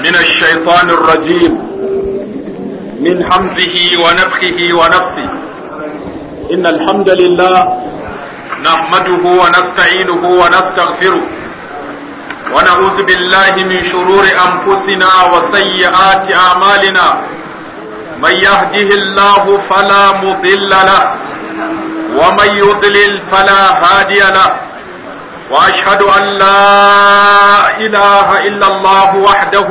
من الشيطان الرجيم من حمزه ونفخه ونفسه إن الحمد لله نحمده ونستعينه ونستغفره ونعوذ بالله من شرور أنفسنا وسيئات أعمالنا من يهده الله فلا مضل له ومن يضلل فلا هادي له وأشهد أن لا إله إلا الله وحده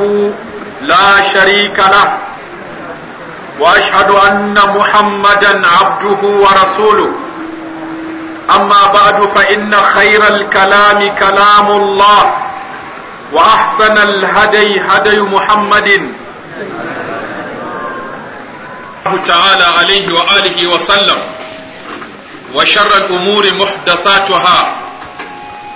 لا شريك له وأشهد أن محمدا عبده ورسوله أما بعد فإن خير الكلام كلام الله وأحسن الهدي هدي محمد الله تعالى عليه وآله وسلم وشر الأمور محدثاتها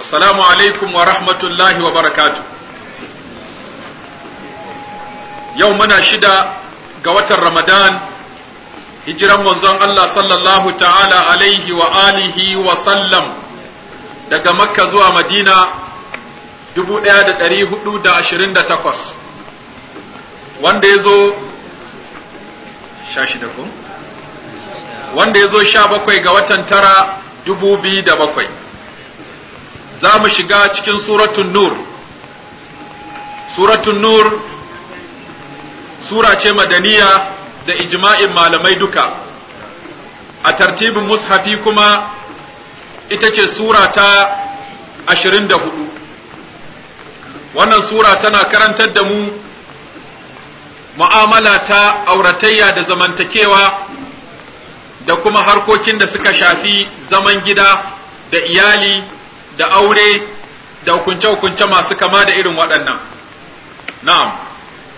assalamu alaikum wa rahmatullahi wa barakatu yau muna shida ga watan ramadan hijiran manzon Allah sallallahu ta'ala alaihi wa alihi wa sallam daga makka zuwa madina takwas. wanda ya zo wanda ya zo bakwai ga watan tara bakwai. za mu shiga cikin suratun nur suratun nur sura ce madaniya da ijma'in malamai duka a tartibin mushafi kuma ita ce sura ta 24 wannan sura tana karantar da mu mu'amala ta auratayya da zamantakewa da kuma harkokin da suka shafi zaman gida da iyali da aure da ukunce-ukunce masu kama da irin waɗannan na'am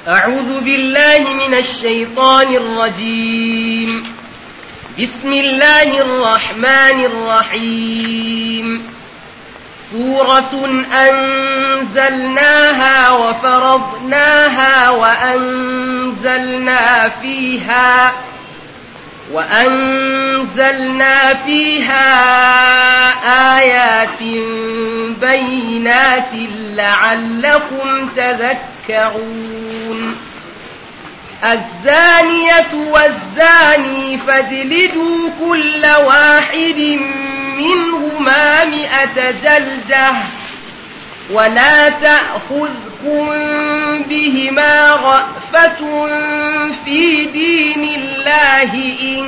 a'udhu billahi minash shaitanir rajim bismillahir rahmanir rahim سورة أنزلناها وفرضناها وأنزلنا فيها وأنزلنا فيها آيات بينات لعلكم تذكرون الزانية والزاني فاجلدوا كل واحد منهما مئة جلدة ولا تأخذ تكن بهما رأفة في دين الله إن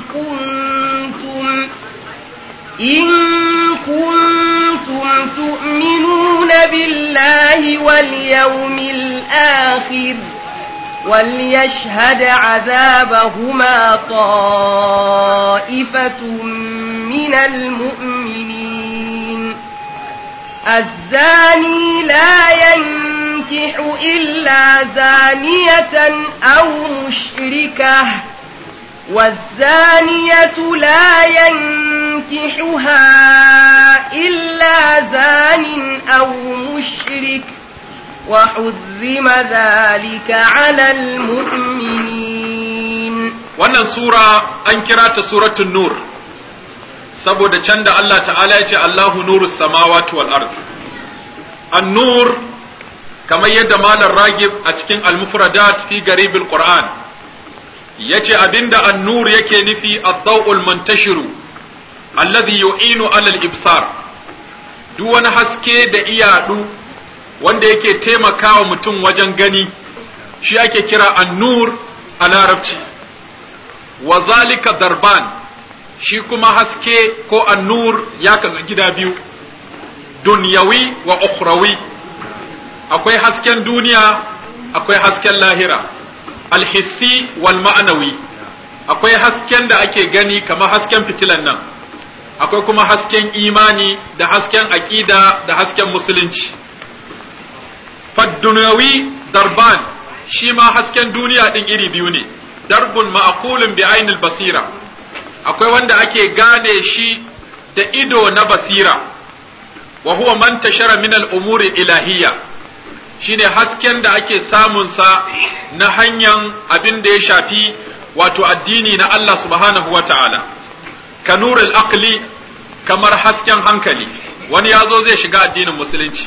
كنتم إن كنتم تؤمنون بالله واليوم الآخر وليشهد عذابهما طائفة من المؤمنين الزاني لا ينكح إلا زانية أو مشركة والزانية لا ينكحها إلا زان أو مشرك وحذم ذلك على المؤمنين وانا سورة انكرات سورة النور saboda can da Allah ta'ala ya ce Allahu nuru samawati wal ard an-nur kamar yadda malam ragib a cikin al-mufradat fi garibil qur'an yace abinda an-nur yake nufi ad-daw'ul muntashiru alladhi yu'inu 'ala al-ibsar duk wani haske da iyadu wanda yake taimakawa mutum wajen gani shi ake kira an-nur a larabci wa zalika darban shi kuma haske ko annur ya kasu gida biyu dunyawi wa ukhrawi akwai hasken duniya akwai hasken lahira alhissi wal ma'anawi akwai hasken da ake gani kamar hasken fitilan nan akwai kuma hasken imani da hasken aƙida da hasken musulunci faddunyawi darban shi ma hasken duniya ɗin iri biyu ne darbun ma'akulun bi ainil basira akwai wanda ake gane shi da ido na basira wa huwa man tashara min al-umuri ilahiyya shine hasken da ake samun sa na hanyar abin da ya shafi wato addini na Allah subhanahu wata'ala ka al aqli kamar hasken hankali wani ya zo zai shiga addinin musulunci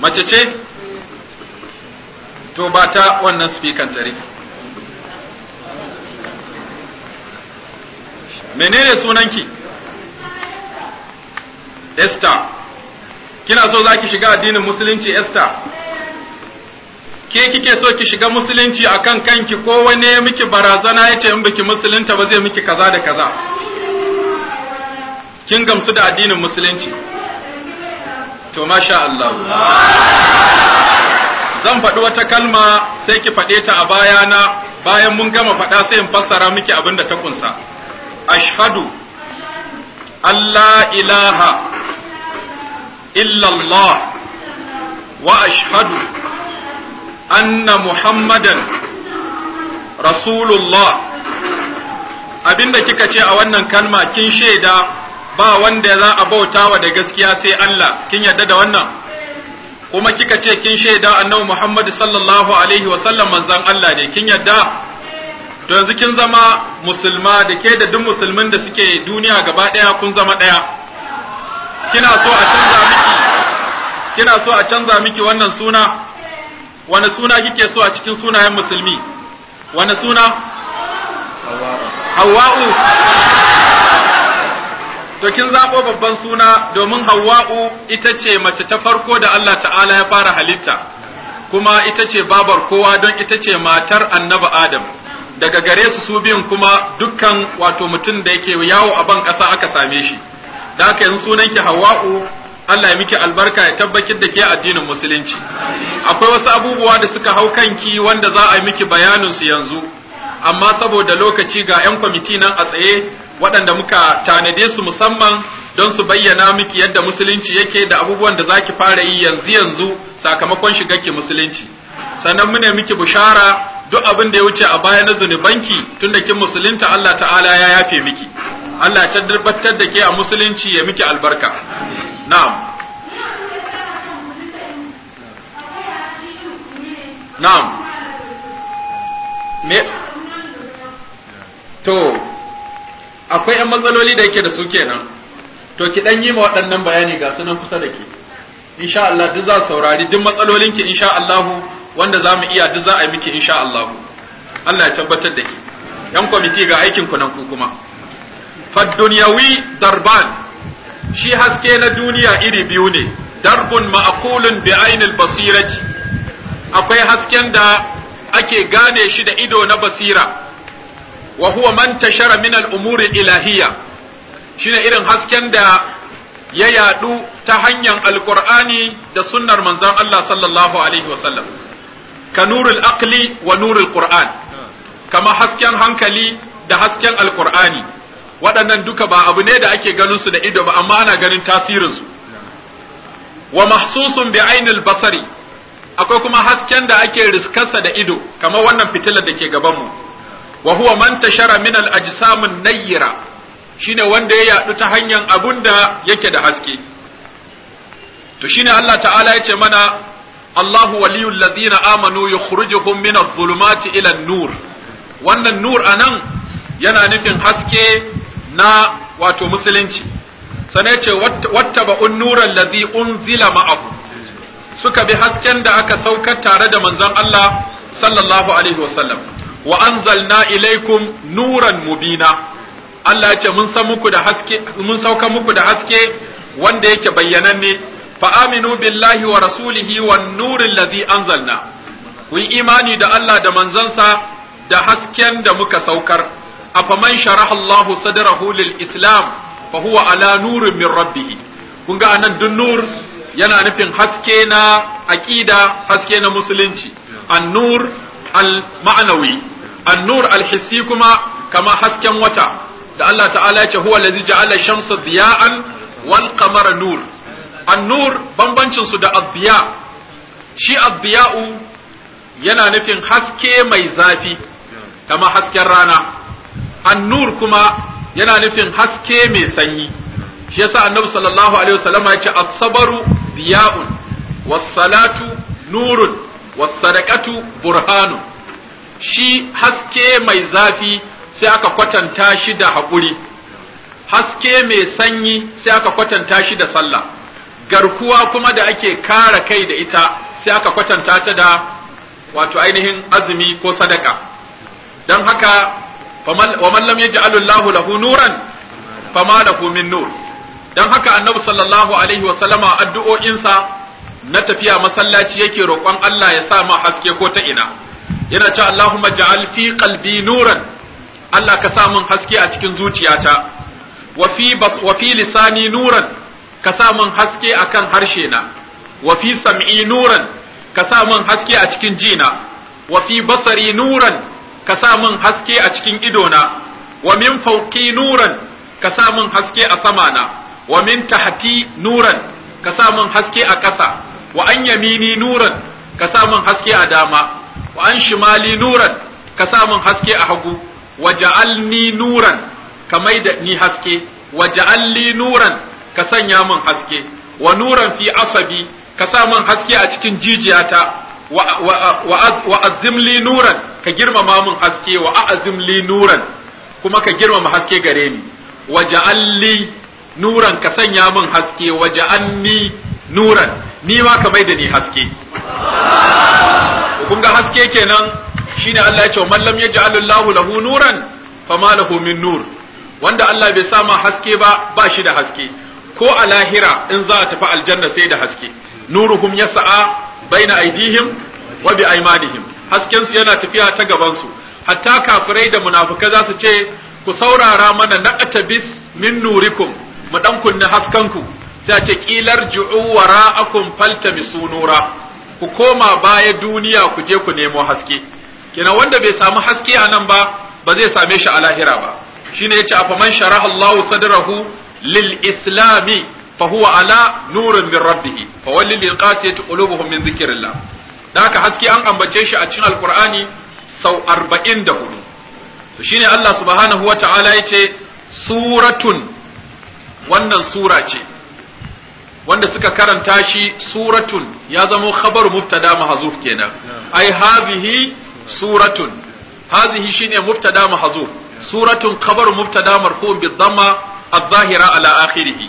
mace ce to ba ta wannan speaker tare menene sunanki Esther kina so za ki shiga addinin musulunci Esther ke kike so ki shiga musulunci akan kanki ko wani ya miki barazana ya ce in biki musulunta ba zai miki kaza da kaza kin gamsu da addinin musulunci to masha Allah zan faɗi wata kalma sai ki faɗe ta a bayana bayan mun gama faɗa sai in fassara miki abin da ta kunsa ashhadu Allah ilaha illallah wa ashhadu anna muhammadan rasulullah da kika ce a wannan kalma kin shaida ba wanda za a bautawa da gaskiya sai Allah kin yarda da wannan kuma kika ce kin shaida annabi Muhammad sallallahu alaihi wa sallam manzon Allah ne kin yadda to yanzu kin zama musulma da ke da duk musulmin da suke duniya gaba daya kun zama daya kina so a canza miki kina so a canza miki wannan suna wani suna kike so a cikin sunayen musulmi wani suna hawa'u to kin zabo babban suna domin Hawwa'u ita ce mace ta farko da Allah ta'ala ya fara halitta kuma ita ce babar kowa don ita ce matar annabi Adam daga gare su su biyun kuma dukkan wato mutum da yake yawo a ban ƙasa aka same shi da haka yanzu sunanki Hawwa'u Allah ya miki albarka ya tabbatar da ke addinin musulunci akwai wasu abubuwa da suka hau kanki wanda za a yi miki bayanin su yanzu amma saboda lokaci ga 'yan kwamiti nan a tsaye waɗanda muka tanade su musamman don su bayyana miki yadda musulunci yake da abubuwan da zaki fara yi yanzu yanzu sakamakon shigarki musulunci sannan mune miki bushara duk abin da ya wuce a baya na zunubanki tunda kin musulunta Allah ta'ala ya yafe miki Allah ya tabbatar da ke a musulunci ya miki albarka na'am na'am me to akwai ‘yan matsaloli da yake da su kenan to ki ɗan yi ma waɗannan bayani ga sunan kusa da ke insha Allah duk za saurari duk matsalolin ki insha Allah wanda za mu iya duk za a yi miki insha Allah Allah ya tabbatar da ki ‘yan kwamiti ga aikin ku nan ku kuma fadduniyawi darban shi haske na duniya iri biyu ne darbun ma'qulun bi ainil basirati akwai hasken da ake gane shi da ido na basira wa huwa man tashara min al-umuri ilahiyya shine irin hasken da ya yadu ta hanyar alqur'ani da sunnar manzon Allah sallallahu alaihi wasallam ka nurul aqli wa nurul qur'an kama hasken hankali da hasken alqur'ani waɗannan duka ba abu ne da ake ganin su da ido ba amma ana ganin tasirin su wa mahsusun bi ainul basari akwai kuma hasken da ake riskarsa da ido kamar wannan fitilar da ke gabanmu wa huwa man tashara min al ajsamin nayyira shine wanda ya yadu ta hanyar abun da yake da haske to shine Allah ta'ala yace mana Allahu waliyul ladina amanu yukhrijuhum min adh-dhulumati ila an-nur wannan nur anan yana nufin haske na wato musulunci sanai ce wattaba'un nuran ladhi unzila ma'ahu suka bi hasken da aka saukar tare da manzon Allah sallallahu alaihi wasallam wa anzalna ilaikum nuran mubina Allah ya ce mun san muku da haske mun sauka muku da haske wanda yake bayyananne fa aminu billahi wa rasulihi wan nurin ladhi anzalna ku imani da Allah da manzansa da hasken da muka saukar afaman sharaha Allahu sadrahu lil islam fa huwa ala nurin min rabbih kun ga anan dun nur yana nufin haske na aqida haske na musulunci an nur al-ma'nawi an al-hissi kuma kama hasken wata da Allah ta'ala yake huwa allazi ja'ala shamsa diya'an wal qamara nur Annur nur bambancin su da ad shi ad yana nufin haske mai zafi kama hasken rana annur kuma yana nufin haske mai sanyi shi yasa annabi sallallahu alaihi wasallam ya ce asabaru sabru diya'un was-salatu nurun wasadaqatu burhanu shi haske mai zafi sai aka kwatanta shi da haƙuri haske mai sanyi sai aka kwatanta shi da sallah garkuwa kuma da ake kara kai da ita sai aka kwatanta ta da wato ainihin azumi ko sadaka don haka wa mallam yaj'alul lahu lahu nuran fama lahu min nur don haka annabi sallallahu alaihi wa sallama addu'o'insa na tafiya masallaci yake roƙon Allah ya sa ma haske ko ta ina yana cewa Allahumma ja'al fi qalbi nuran Allah ka sa min haske a cikin zuciyata wa fi bas wa fi lisani nuran ka sa min haske akan harshe na wa fi sam'i nuran ka sa min haske a cikin jina wa fi basari nuran ka sa min haske a cikin idona wa min fawqi nuran ka sa min haske a samana wa min tahti nuran ka sa min haske a ƙasa wa an yamini nuran ka sa min haske a dama wa an shimali nuran ka sa min haske a hagu wa ja'alni nuran ka mai da ni haske wa ja'alli nuran ka sanya min haske wa nuran fi asabi ka sa min haske a cikin jijiyata wa azimli nuran ka girmama min haske wa azimli nuran kuma ka girmama haske gare ni wa ja'alli nuran ka sanya min haske wa ja'anni nuran ni ma ka mai da ni haske kun ga haske kenan shine Allah ya ce man lam yaj'alillahu lahu nuran fama lahu min nur wanda Allah bai sama haske ba ba shi da haske ko a lahira in za a tafi aljanna sai da haske nuruhum yas'a baina aydihim wa bi aymanihim hasken su yana tafiya ta gaban su hatta kafirai da munafikai za su ce ku saurara mana naqtabis min nurikum mu dan kunna haskanku ta ce ƙilar ju'u wara'akum faltamisu nura ku koma baya duniya ku je ku nemo haske kenan wanda bai samu haske a nan ba ba zai same shi a lahira ba shine yace a sharaha Allahu sadrahu lil islami fa huwa ala nurin min rabbih fa walli lil qasiyati qulubuhum min dhikrillah da haka haske an ambace shi a cikin alqur'ani sau hudu. to shine Allah subhanahu wa ta'ala yace suratun wannan sura ce wanda suka karanta shi suratun ya zama khabar mubtada mahzuf kenan ai hazihi suratun hazihi shine mubtada mahzuf suratun khabar mubtada marfu'un bi dhamma adh-dhahira ala akhirih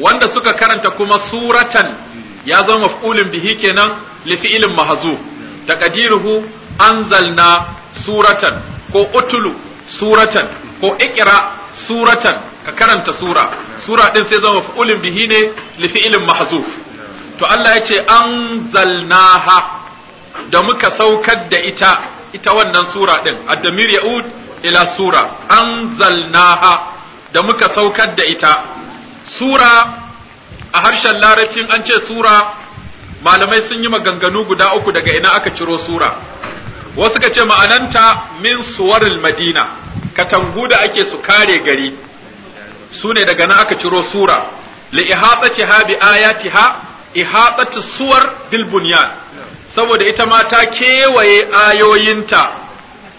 wanda suka karanta kuma suratan hmm. ya zama maf'ulun bihi kenan li fi'lin mahzuf taqdiruhu anzalna suratan ko utulu suratan ko ikra suratan ka karanta sura sura din sai zama fa'ulin bihi ne li fi'ilin mahzuf to Allah ya ce anzalnaha da muka saukar da ita ita wannan sura din ad ya'ud ila sura anzalnaha da muka saukar da ita sura a harshen larabcin an ce sura malamai sun yi maganganu guda uku daga ina aka ciro sura wasu ka ce ma'ananta min suwarin madina katangu da ake su kare gari su ne daga na aka ciro sura li ha bi ha ihatatu suwar bil saboda ita ma ta kewaye ayoyinta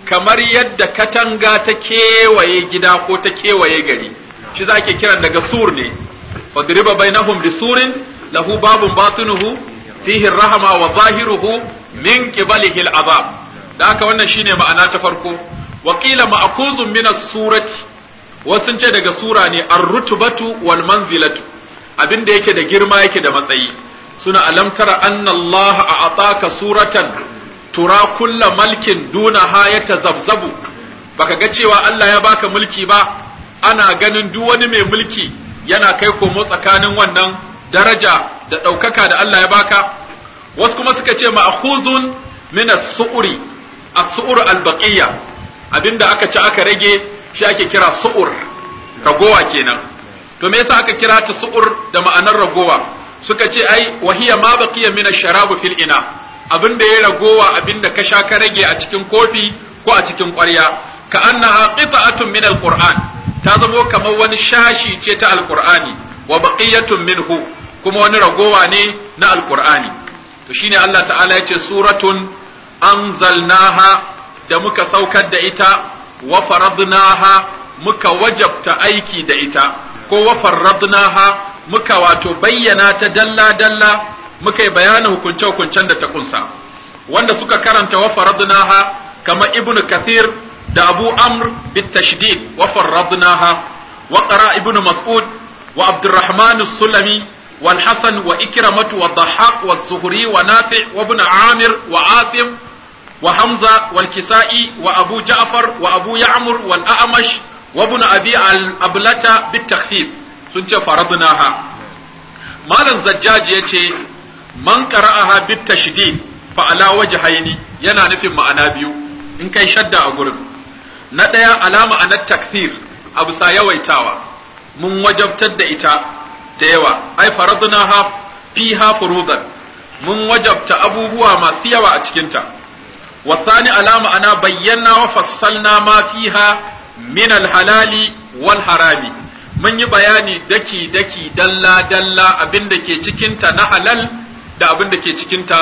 kamar yadda katanga ta kewaye gida ko ta kewaye gari shi za ake kiran daga sur ne fadriba bainahum bi surin lahu babun batinuhu fihi rahama wa zahiruhu min qibalihi al azab da haka wannan shine ma'ana ta farko wa qila ma'kuzun min as-surati wasu ce daga sura ne ar-rutbatu wal manzilatu abinda yake da girma yake da matsayi suna alam tara anna Allah a'ataka suratan tura kulla malkin duna hayata zabzabu baka ga cewa Allah ya baka mulki ba ana ganin duk wani mai mulki yana kai komo tsakanin wannan daraja da ɗaukaka da Allah ya baka wasu kuma suka ce ma'khuzun min as-su'ri as-su'ur al-baqiyya abinda aka ci aka rage shi ake kira su'ur ragowa kenan to me yasa aka kira ta su'ur da ma'anar ragowa suka ce ai wa wahiya ma baqiya min ash-sharab fil ina abinda ya ragowa abinda ka sha ka rage a cikin kofi ko a cikin ƙwarya ka annaha qita'atun min al-qur'an ta zamo kamar wani shashi ce ta al-qur'ani wa baqiyatun minhu kuma wani ragowa ne na al-qur'ani to shine Allah ta'ala ya ce suratun anzalnaha da muka saukar da ita wa faradnaha muka wajabta aiki da ita ko wa faradnaha muka wato bayyana ta dalla dalla muka yi bayanin hukunce hukuncen da ta kunsa wanda suka karanta wa faradnaha kama ibnu kathir da abu amr bit tashdid wa faradnaha wa qara ibnu mas'ud wa abdurrahman as-sulami والحسن وإكرمة wa والزهري ونافع Amir wa وعاصم wa Hamza wal Kisa'i wa Abu Ja'far wa Abu Ya'mur wal A'mash wa ibn Abi al-Ablata bit takhfif sun ce faradnaha malam zajjaji yace man qara'aha bit tashdid fa ala wajhaini yana nufin ma'ana biyu in kai shadda a gurin na daya alama anan takthir abu sa yawaitawa mun wajabtar da ita da yawa ai faradnaha fiha furudan mun wajabta abubuwa masu yawa a cikinta wasani alama ana bayyana wa fassalna ma fiha minal alhalali wal harami mun yi bayani daki daki dalla dalla abin da ke cikinta na halal da abin da ke cikinta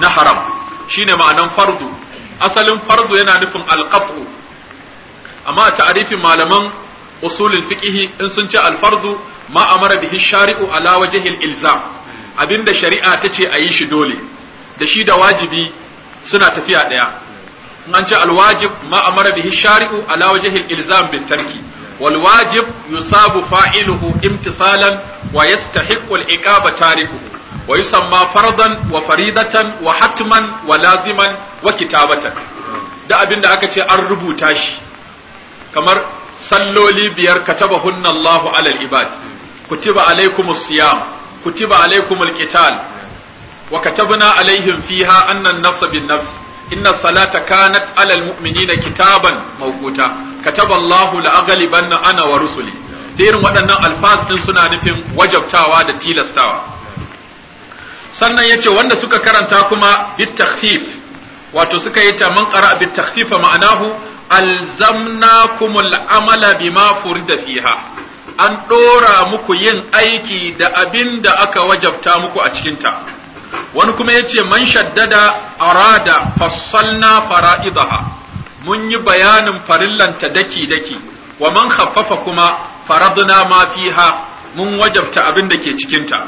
na haram shine ma'anan fardu asalin fardu yana nufin alqatu amma a ta'arifin malaman usulul fiqhi in sun ci alfardu ma amara bihi shari'u ala wajhil ilzam abinda shari'a ta ce a yi shi dole da shi da wajibi suna tafiya ɗaya an ce alwajib ma amara bihi shari'u ala wajhil ilzam Bintarki. tarki wal wajib yusabu fa'iluhu imtisalan wa yastahiqqu al iqaba tarikuhu wa yusamma fardan wa faridatan wa hatman wa laziman wa kitabatan da abin da aka ce an rubuta shi kamar salloli biyar katabahunna Allahu alal ibad kutiba alaikumus siyam kutiba alaikumul qital wa katabna alaihim fiha annan an-nafsa bin-nafs inna salata kanat 'ala al-mu'minina kitaban mawquta kataba Allahu ana wa rusuli da irin waɗannan alfaz din suna nufin wajabtawa da tilastawa sannan yace wanda suka karanta kuma bit wato suka yi ta man qara bit-takhfifa ma'anahu alzamnakumul amala bima furida fiha an ɗora muku yin aiki da abin da aka wajabta muku a cikinta, wani kuma ya ce man shaddada arada fassalna fara'idaha mun yi bayanin farillanta daki-daki wa man haffafa kuma faradna ma fiha mun wajabta abin da ke cikinta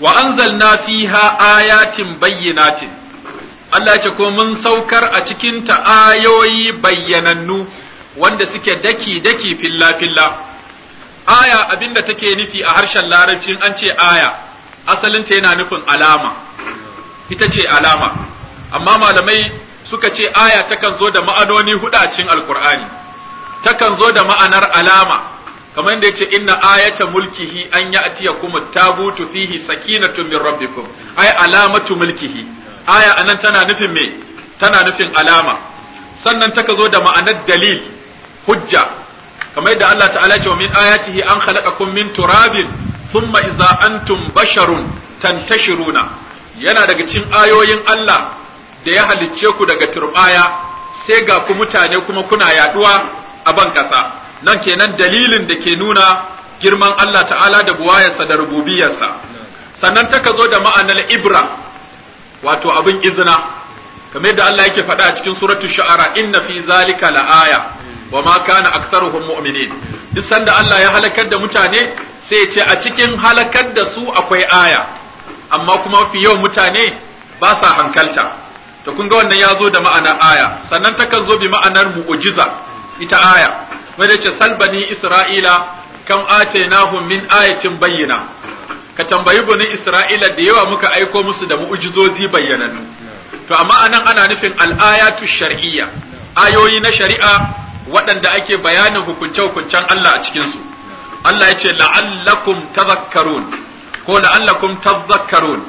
wa anzalna fiha ayatin bayyinatin Allah ya ce ko mun saukar a cikinta ayoyi bayyanannu wanda suke daki-daki filla-filla aya abin da take nufi a harshen larabcin an ce aya asalinta yana nufin alama ita ce alama amma malamai suka ce aya takan zo da ma'anoni hudacin alkur'ani takan zo da ma'anar alama kamar inda yace inna ayata mulkihi an ya'tiyakum kuma tabutu fihi sakinatu min rabbikum ay alamatu mulkihi aya anan tana nufin me tana nufin alama sannan taka zo da ma'anar dalil hujja kamar yadda Allah ta'ala ya ce wa min ayatihi an khalaqakum min turabin thumma idza antum basharun tantashiruna yana daga cikin ayoyin Allah da ya halicce ku daga turbaya sai ga ku mutane kuma kuna yaduwa a ban kasa nan kenan dalilin da ke nuna girman Allah ta'ala da buwayarsa da rububiyarsa sannan taka zo da ma'anar ibra wato abin izina kamar da Allah yake faɗa a cikin suratul shu'ara inna fi zalika la'aya wa ma kana aktharuhum mu'minin duk sanda Allah ya halakar da mutane sai ce a cikin halakar da su akwai aya amma kuma fi yawan mutane ba sa hankalta to kun ga wannan ya zo da ma'anar aya sannan takan zo bi ma'anar mu'ujiza ita aya wanda ce salbani isra'ila kam atainahum min ayatin bayyana ka tambayi bani isra'ila da yawa muka aiko musu da mu'ujizozi bayyananu to amma anan ana nufin al'ayatu shar'iyya ayoyi na shari'a waɗanda ake bayanin hukunce-hukuncen Allah a cikinsu. su Allah ya ce la'allakum tadhakkarun ko la'allakum tadhakkarun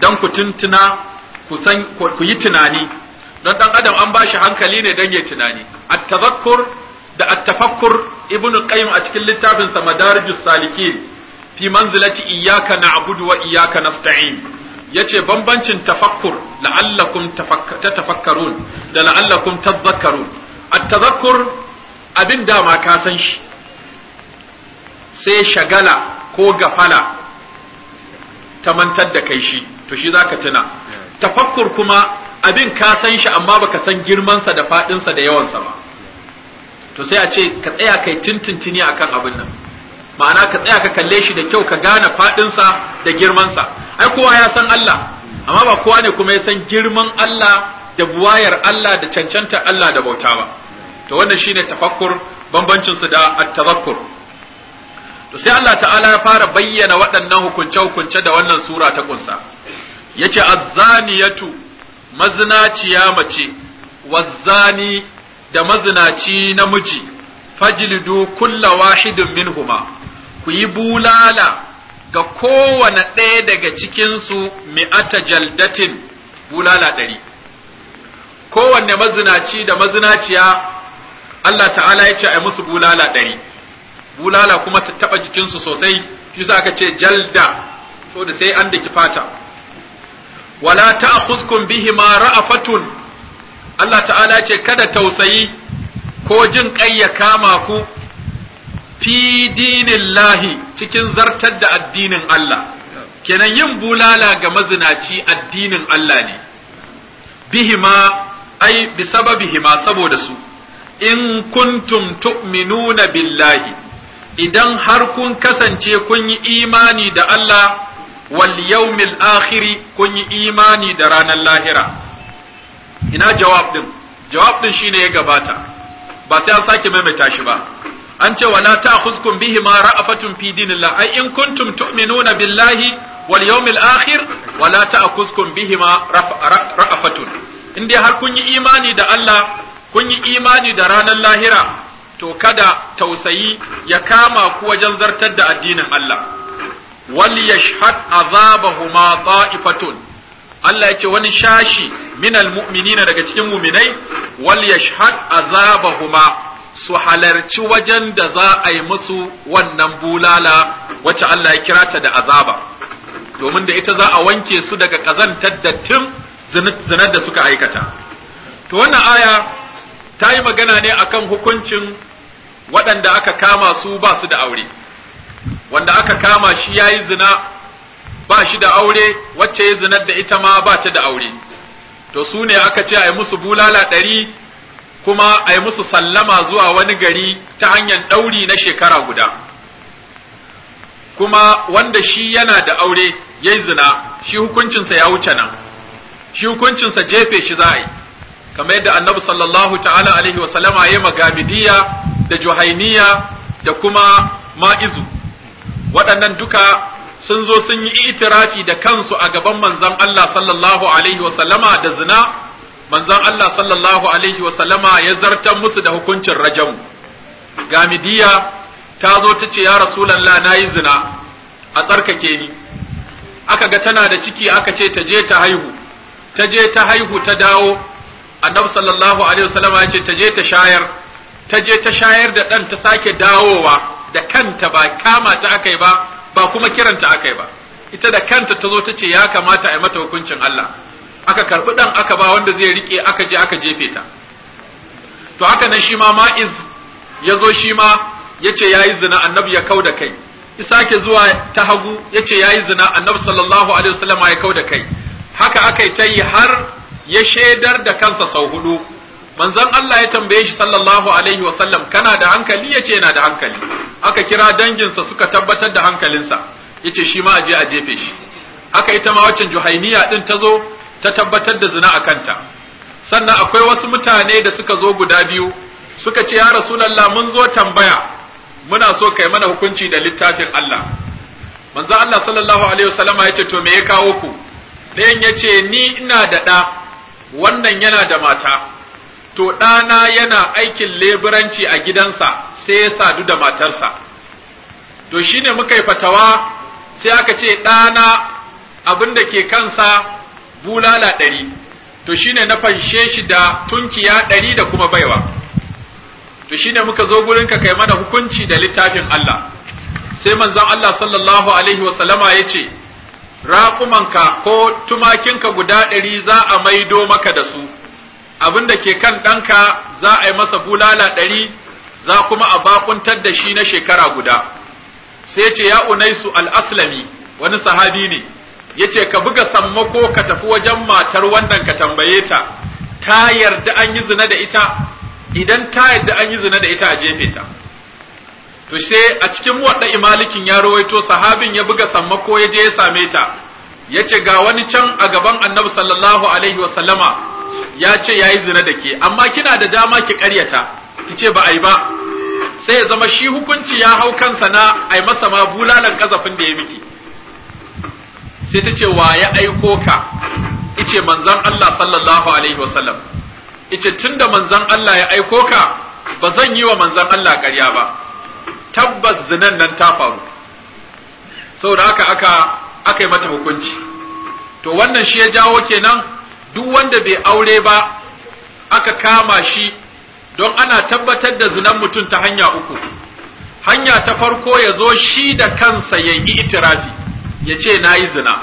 don ku tuntuna ku san ku yi tunani don ɗan adam an ba shi hankali ne dan ya tunani at tazakkur da at-tafakkur ibn qayyim a cikin littafin sa madarijus salikin fi manzilati iyyaka na'budu wa iyyaka nasta'in yace bambancin tafakkur la'allakum tafakkarun da la'allakum tadhakkarun at tazakkur abin dama ka san shi sai shagala ko gafala ta mantar da kai shi to shi zaka tuna tafakkur kuma abin ka san shi amma baka san girmansa da faɗinsa da yawansa ba to sai a ce ka tsaya kai tintintini akan abin nan ma'ana ka tsaya ka kalle shi da kyau ka gane faɗinsa da girmansa ai kowa ya san Allah amma ba kowa ne kuma ya san girman Allah da buwayar Allah da cancantar Allah da bauta ba to wannan shine tafakkur bambancin su da at-tazakkur to sai Allah ta'ala ya fara bayyana waɗannan hukunce-hukunce da wannan sura ta kunsa yace azzaniyatu mazinaciya mace wazzani da mazinaci namiji fajlidu kulla wahidin huma. ku yi bulala ga kowane ɗaya daga cikinsu mi'ata jaldatin bulala ɗari kowanne mazinaci da mazinaciya Allah ta'ala ya ce a musu bulala ɗari bulala kuma ta taba jikinsu sosai shi sa aka ce jalda so da sai an daki fata wala ta'khuzkum bihi ma ra'afatun Allah ta'ala ce kada tausayi ko jin kai ya kama ku fi dinillahi cikin zartar da addinin Allah kenan yin bulala ga mazinaci addinin Allah ne bihima ai bisababihima saboda su in kuntum tu'minuna billahi idan har kun kasance kun yi imani da Allah wal yawmil akhiri kun yi imani da ranar lahira ina jawab din jawab din shine ya gabata ba sai an sake maimaita shi ba an ce wala ta'khuzkum bihi ma ra'afatun fi dinillah ai in kuntum tu'minuna billahi wal yawmil akhir wala ta'khuzkum bihi ma ra'afatun in dai har kun yi imani da Allah kun yi imani da ranar lahira to kada tausayi ya kama ku wajen zartar da addinin Allah wal yashhad azabahuma ta'ifatun Allah ya ce wani shashi minal mu'minina daga cikin muminai wal yashhad azabahuma su halarci wajen da za a yi musu wannan bulala wacce Allah ya kira ta da azaba domin da ita za a wanke su daga kazantar dattin zinar da suka aikata to wannan aya ta yi magana ne a kan hukuncin waɗanda aka kama su ba su da aure wanda aka kama shi ya yi zina ba shi da aure wacce ya zinar da ita ma ba ta da aure to su ne aka ce a yi musu bulala ɗari kuma a yi musu sallama zuwa wani gari ta hanyar ɗauri na shekara guda kuma wanda shi yana da aure ya yi zina shi hukuncinsa ya wuce nan shi hukuncinsa jefe shi za a yi kamar yadda annabi sallallahu ta'ala alaihi wasallama ya magamidiya da juhainiya da kuma ma'izu waɗannan duka sun zo sun yi itirafi da kansu a gaban manzon Allah sallallahu alaihi wasallama da zina manzon Allah sallallahu alaihi wasallama ya zartar musu da hukuncin rajamu gamidiya ta zo ta ce ya rasulallah na yi zina a tsarkake ni aka ga tana da ciki aka ce ta je ta haihu ta je ta haihu ta dawo annabi sallallahu alaihi wasallam ya ce ta je ta shayar ta ta shayar da ɗan ta sake dawowa da kanta ba kama ta akai ba ba kuma kiranta akai ba ita da kanta ta zo ta ce ya kamata a yi mata hukuncin Allah aka karɓi ɗan aka ba wanda zai rike aka je aka jefe ta to haka nan shi ma ma'iz ya zo shi ma ya ce ya yi zina annabi ya kau da kai isake zuwa ta hagu ya ce ya yi zina annabi sallallahu alaihi wasallam ya kau da kai haka aka yi ta yi har ya shaidar da kansa sau hudu manzon Allah ya tambaye shi sallallahu alaihi wa sallam kana da hankali yace yana da hankali aka kira danginsa suka tabbatar da hankalinsa yace shi ma aje a jefe shi aka ita ma waccan juhainiya din ta zo ta tabbatar da zina a kanta sannan akwai wasu mutane da suka zo guda biyu suka ce ya rasulullah mun zo tambaya muna so kai mana hukunci da littafin Allah manzon Allah sallallahu alaihi wa sallama yace to me ya kawo ku ɗayan yace ni ina da ɗa wannan yana da mata to ɗana yana aikin leburanci a gidansa sai ya sadu da matarsa to shine muka yi fatawa sai aka ce ɗana abin da ke kansa bulala ɗari to shine na fanshe shi da tunkiya ɗari da kuma baiwa to shine muka zo gurin ka kai mana hukunci da littafin Allah sai manzon Allah sallallahu alaihi wasallama ya ce raƙumanka ko tumakinka guda ɗari za a maido maka da su, abin da ke kan ɗanka za a yi masa bulala ɗari za kuma a bakuntar da shi na shekara guda. Sai ce ya unaisu al-aslami, wani sahabi ne, ya ce ka buga sammako ka tafi wajen matar wannan ka tambaye ta, ta yarda an yi zina da ita, idan ta yarda an yi zina da ita a jefe ta. to sai a cikin wadda imalikin ya rawaito sahabin ya buga sammako ya je ya same ta Yace, ga wani can a gaban annabi sallallahu alaihi wa sallama ya ce ya yi zina da ke amma kina da dama ki karyata ki ce ba a yi ba sai ya zama shi hukunci ya hau kansa na ai yi masa ma bulalan kazafin da ya miki sai ta ce wa ya aiko ka ice manzan Allah sallallahu alaihi wa sallam. ice tunda manzan Allah ya aiko ka ba zan yi wa manzan Allah ƙarya ba tabbas zinan nan ta faru saboda haka aka aka yi mata hukunci to wannan shi ya jawo kenan duk wanda bai aure ba aka kama shi don ana tabbatar da zinan mutum ta hanya uku hanya ta farko ya zo shi da kansa ya yi itirafi ya ce na yi zina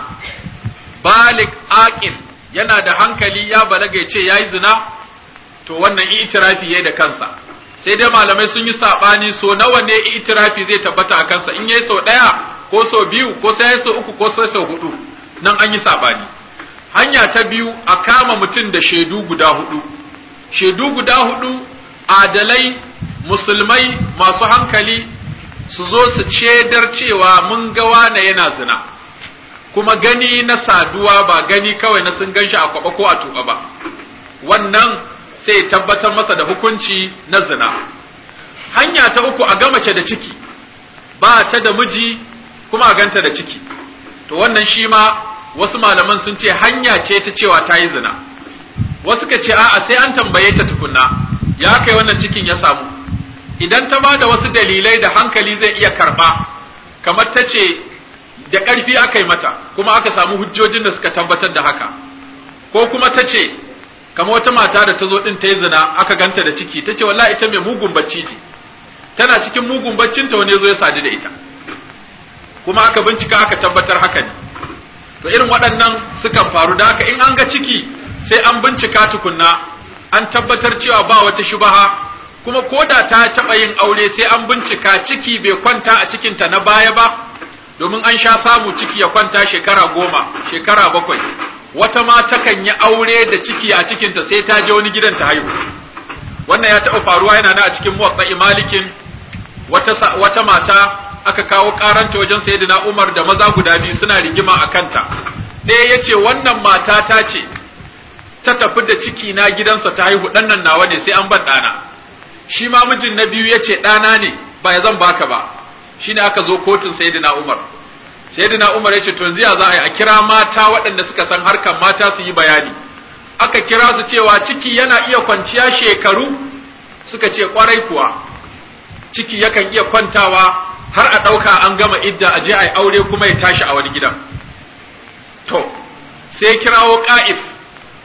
balik aqil yana da hankali ya balaga ya ce ya yi zina to wannan itirafi ya da kansa sai dai malamai sun yi saɓani so nawa ne itirafi zai tabbata a kansa in yayi sau ɗaya ko sau biyu ko sai yayi sau uku ko sai sau hudu nan an yi saɓani hanya ta biyu a kama mutum da shaidu guda hudu shaidu guda hudu adalai musulmai masu hankali su zo su cedar cewa mun ga wane yana zina kuma gani na saduwa ba gani kawai na sun ganshi a kwaba ko a tuba ba wannan sai tabbatar masa da hukunci na zina hanya ta uku a ga mace da ciki ba ta da miji kuma a ganta da ciki to wannan shi ma wasu malaman sun ce hanya ce ta cewa ta yi zina wasu ka ce a'a sai an tambaye ta tukunna ya kai wannan cikin ya samu idan ta ba da wasu dalilai da hankali zai iya karba kamar ta ce da ƙarfi aka yi mata kuma aka samu hujjojin da suka tabbatar da haka ko kuma ta ce kamar wata mata da ta zo ɗin ta yi zina aka ganta da ciki ta ce wallahi ita mai mugun bacci ce tana cikin mugun baccin ta wani ya zo ya sadu da ita kuma aka bincika aka tabbatar haka ne to irin waɗannan sukan faru da haka in an ga ciki sai an bincika tukunna an tabbatar cewa ba wata shubaha kuma ko da ta taɓa yin aure sai an bincika ciki bai kwanta a cikinta na baya ba domin an sha samu ciki ya kwanta shekara goma shekara bakwai wata ma takan yi aure da ciki a cikinta sai ta je wani gidan ta haihu wannan ya taɓa faruwa yana na a cikin muwatta malikin wata, wata mata aka kawo karanta wajen sayyidina umar da maza guda biyu suna rigima a kanta ɗaya ya ce wannan mata ta ce ta tafi da ciki na gidansa ta haihu ɗannan nawa ne sai an ban ɗana shi ma mijin na biyu ya ce ɗana ne ba ya zan baka ba shi aka zo kotun sayyidina umar sayyidina Umar ya ce to yanzu za a yi a kira mata waɗanda suka san harkar mata su yi bayani aka kira su cewa ciki yana iya kwanciya shekaru suka ce kwarai kuwa ciki yakan iya kwantawa har a ɗauka an gama idda a je a yi aure kuma ya tashi a wani gidan to sai kirawo ƙa'if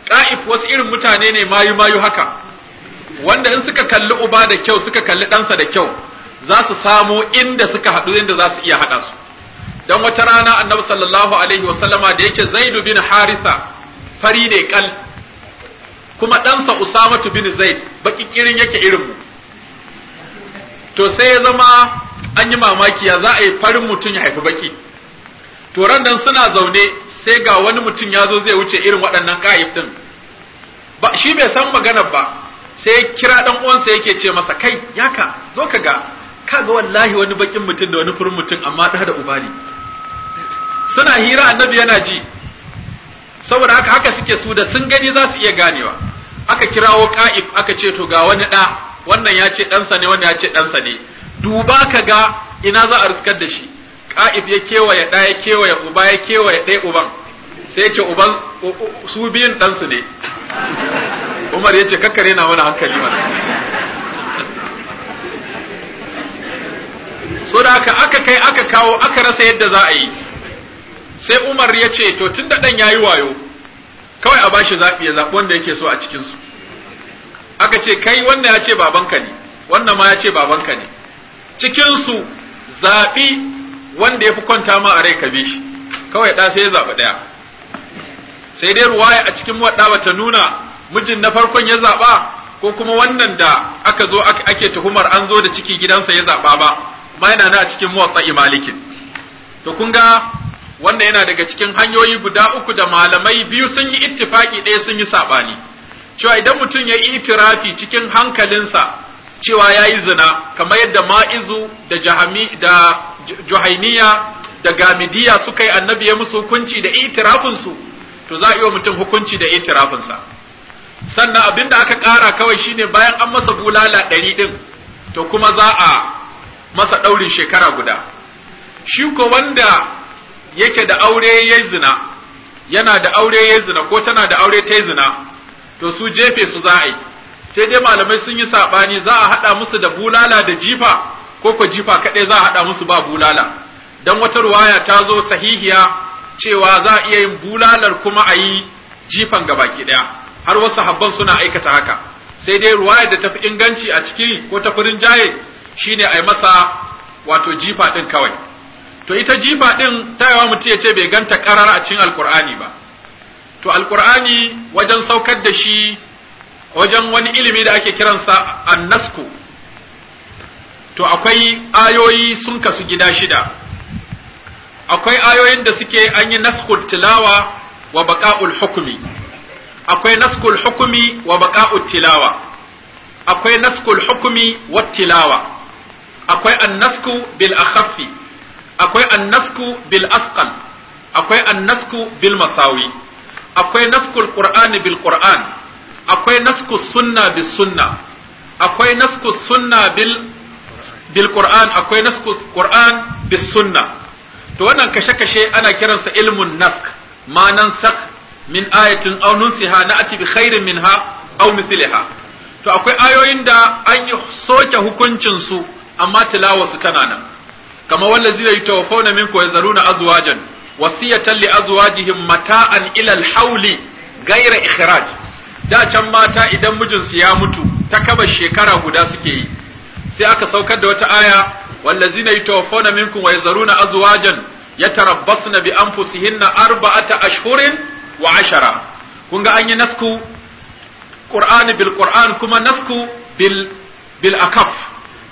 ƙa'if wasu irin mutane ne mayu mayu haka wanda in suka kalli uba da kyau suka kalli ɗansa da kyau za su samo inda suka haɗu inda za su iya haɗa su dan wata rana annabi sallallahu alaihi wasallama da yake zaid bin harisa fari ne kal kuma ɗansa uSama bin zaid baki kirin yake irin mu to sai ya zama an yi mamaki ya za a yi farin mutum ya haifi baki to ran nan suna zaune sai ga wani mutum ya zo zai wuce irin waɗannan ƙa'ib din ba shi bai san maganar ba sai ya kira dan uwansa yake ce masa kai yaka zo ka ga Ka ga wallahi wani bakin mutum da wani furin mutum amma ta da uba ne suna hira annabi yana ji saboda haka haka suke su da sun gani za su iya ganewa aka kirawo ka'if aka ce to ga wani ɗa wannan ya ce ɗansa ne wannan ya ce ɗansa ne duba ka ga ina za a riskar da shi ka'if ya kewaye ɗa ya kewaye uba ya kewaye ɗaya uban sai ya ce uban su biyun ɗansu ne umar ya ce kakkare na wani hankali mana so da aka aka kai aka kawo aka rasa yadda za a yi sai Umar ya ce to tunda dan yayi wayo kawai a bashi zafi ya zaɓi wanda yake so a cikin aka ce kai wannan ya ce babanka ne wannan ma ya ce babanka ne Cikinsu su wanda ya fi kwanta ma a rai ka bi shi kawai da sai ya zaɓi daya sai dai ruwaya a cikin wadda bata nuna mijin na farkon ya zaɓa? ko kuma wannan da aka zo ake tuhumar an zo da ciki gidansa ya zaɓa ba ma yana na a cikin muwatta imalikin to kun ga wanda yana daga cikin hanyoyi guda uku da malamai biyu sun yi ittifaki ɗaya sun yi saɓani cewa idan mutum ya yi itirafi cikin hankalinsa cewa ya yi zina kamar yadda ma'izu da jahami da juhainiya da gamidiya suka yi annabi ya musu hukunci da itirafinsu to za a yi wa mutum hukunci da itirafinsa sannan abin da aka ƙara kawai shine bayan an masa bulala ɗari ɗin to kuma za a masa ɗaurin shekara guda shi ko wanda yake da aure ya zina yana da aure ya zina ko tana da aure ta zina to su jefe su za a yi sai dai malamai sun yi saɓani za a haɗa musu da bulala da jifa ko ko jifa kaɗai za a haɗa musu ba bulala Don wata ruwaya ta zo sahihiya cewa za a iya yin bulalar kuma a yi jifan gabaki ɗaya har wasu habban suna aikata haka sai dai ruwaya da ta fi inganci a ciki ko ta furin jaye shine a yi masa wato jifa ɗin kawai to ita jifa din ta yawa mutum ya ce bai ganta karara a cikin alkur'ani ba to alkur'ani wajen saukar da shi wajen wani ilimi da ake kiransa annasku to akwai ayoyi sun kasu gida shida akwai ayoyin da suke an yi naskul tilawa wa baka'ul hukumi. akwai naskul hukumi wa baka'ul tilawa akwai naskul hukumi wa tilawa akwai annasku bil akhaffi akwai annasku bil asqal akwai annasku bil masawi akwai naskul qur'ani bil qur'an akwai nasku sunna bis sunna akwai nasku sunna bil bil qur'an akwai nasku qur'an bis sunna to wannan kashe-kashe ana kiransa ilmun nask ma nan sak min ayatin aw nunsiha na'ati bi khairin minha aw mithliha to akwai ayoyin da an yi soke hukuncin su amma tilawarsu tana nan kama wallazina yatawaffawna minkum yazaruna azwajan wasiyatan li azwajihim mata'an ila al-hawli ikhraj da can mata idan mijinsu ya mutu ta kaba shekara guda suke yi sai aka saukar da wata aya wallazina yatawaffawna minkum wa yazaruna azwajan yatarabbasna bi anfusihinna arba'ata ashhurin wa ashara kun ga an yi nasku qur'ani bil qur'an kuma nasku bil bil akaf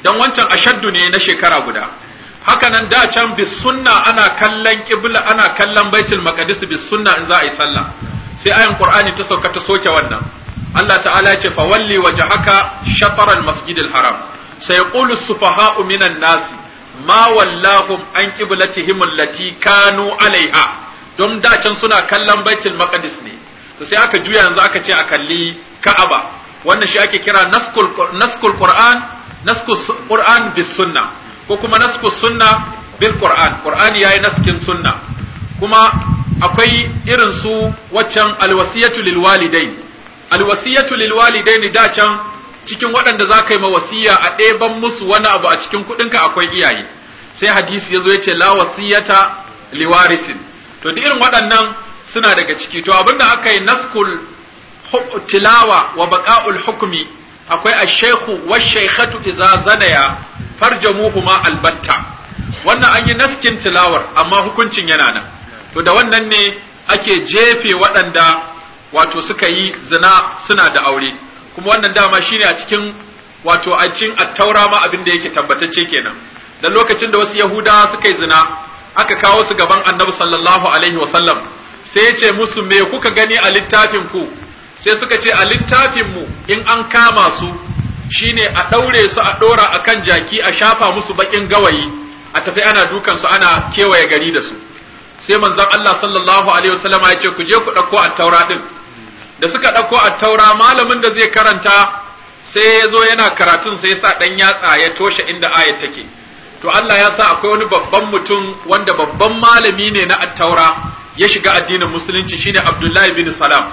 dan wancan ashaddu ne na shekara guda hakanan da can bis sunna ana kallon kibla ana kallon baitul maqdis bis sunna in za a yi sallah sai ayan qur'ani ta sauka ta soke wannan Allah ta'ala ce fa walli wajhaka shatar al masjid al haram sai yaqulu sufaha'u minan nas ma wallahum an qiblatihim allati kanu alaiha don da can suna kallon baitul maqdis ne to sai aka juya yanzu aka ce a kalli ka'aba wannan shi ake kira naskul naskul qur'an naskul qur'an bis sunnah ko kuma nasku sunna bil qur'an ya yi naskin sunna kuma akwai irin su waccan alwasiyatu lil walidain alwasiyatu lil walidain da can cikin waɗanda za ka yi mawasiya a ɗeban musu wani abu a cikin kuɗinka akwai iyaye sai hadisi yazo zo ya ce la wasiyata liwarisin to duk irin waɗannan suna daga ciki to abinda aka yi naskul tilawa wa baqa'ul hukumi akwai ash-shaykhu wash-shaykhatu idza zanaya ma albatta wannan an yi naskin tilawar amma hukuncin yana nan to da wannan ne ake jefe waɗanda wato suka yi zina suna da aure kuma wannan dama shine a cikin wato a cikin attaura ma abin da yake tabbatacce kenan dan lokacin da wasu yahudawa suka yi zina aka kawo su gaban annabi sallallahu alaihi wasallam sai ya ce musu me kuka gani a littafin ku sai suka ce a littafin mu in an kama su shine a ɗaure su a ɗora a kan jaki a shafa musu baƙin gawayi a tafi ana dukan su ana kewaye gari da su sai manzon Allah sallallahu alaihi wasallam ya ce ku je ku ɗauko attaura ɗin da suka ɗauko attaura malamin da zai karanta sai ya zo yana karatun sai ya sa ɗan yatsa ya toshe inda ayat take to Allah ya sa akwai wani babban mutum wanda babban malami ne na attaura ya shiga addinin musulunci shine Abdullahi bin Salam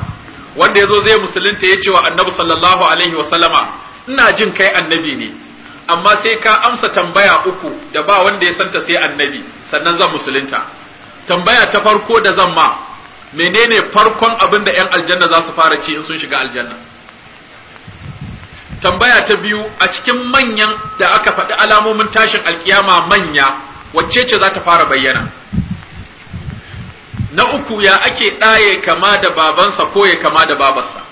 wanda ya zo zai musulunta ya ce wa annabi sallallahu alaihi wasallama ina jin kai annabi ne amma sai ka amsa tambaya uku da ba wanda ya santa sai annabi sannan zan musulunta tambaya ta farko da zan ma menene farkon abin da ‘yan aljanna za su fara ci in sun shiga aljanna tambaya ta biyu a cikin manyan da aka faɗi alamomin tashin alkiyama manya wacce ce za ta fara bayyana na uku ya ake ɗaye kama da babansa ko ya kama da babarsa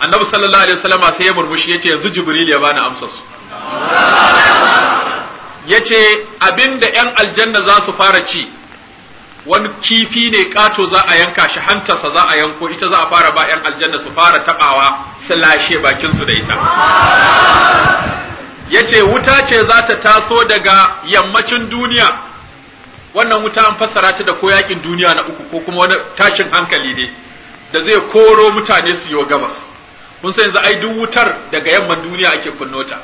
annabi sallallahu alaihi wasallam sai ya murmushi yace yanzu jibril ya bani amsar su yace abinda yan aljanna za su fara ci wani kifi ne kato za a yanka shi hantarsa za a yanko ita za a fara ba yan aljanna su fara tabawa su lashe bakin su da ita yace wuta ce za ta taso daga yammacin duniya wannan wuta an fassara ta da ko yakin duniya na uku ko kuma wani tashin hankali ne da zai koro mutane su yi gabas mun san yanzu ai duk wutar daga yamman duniya ake kunnota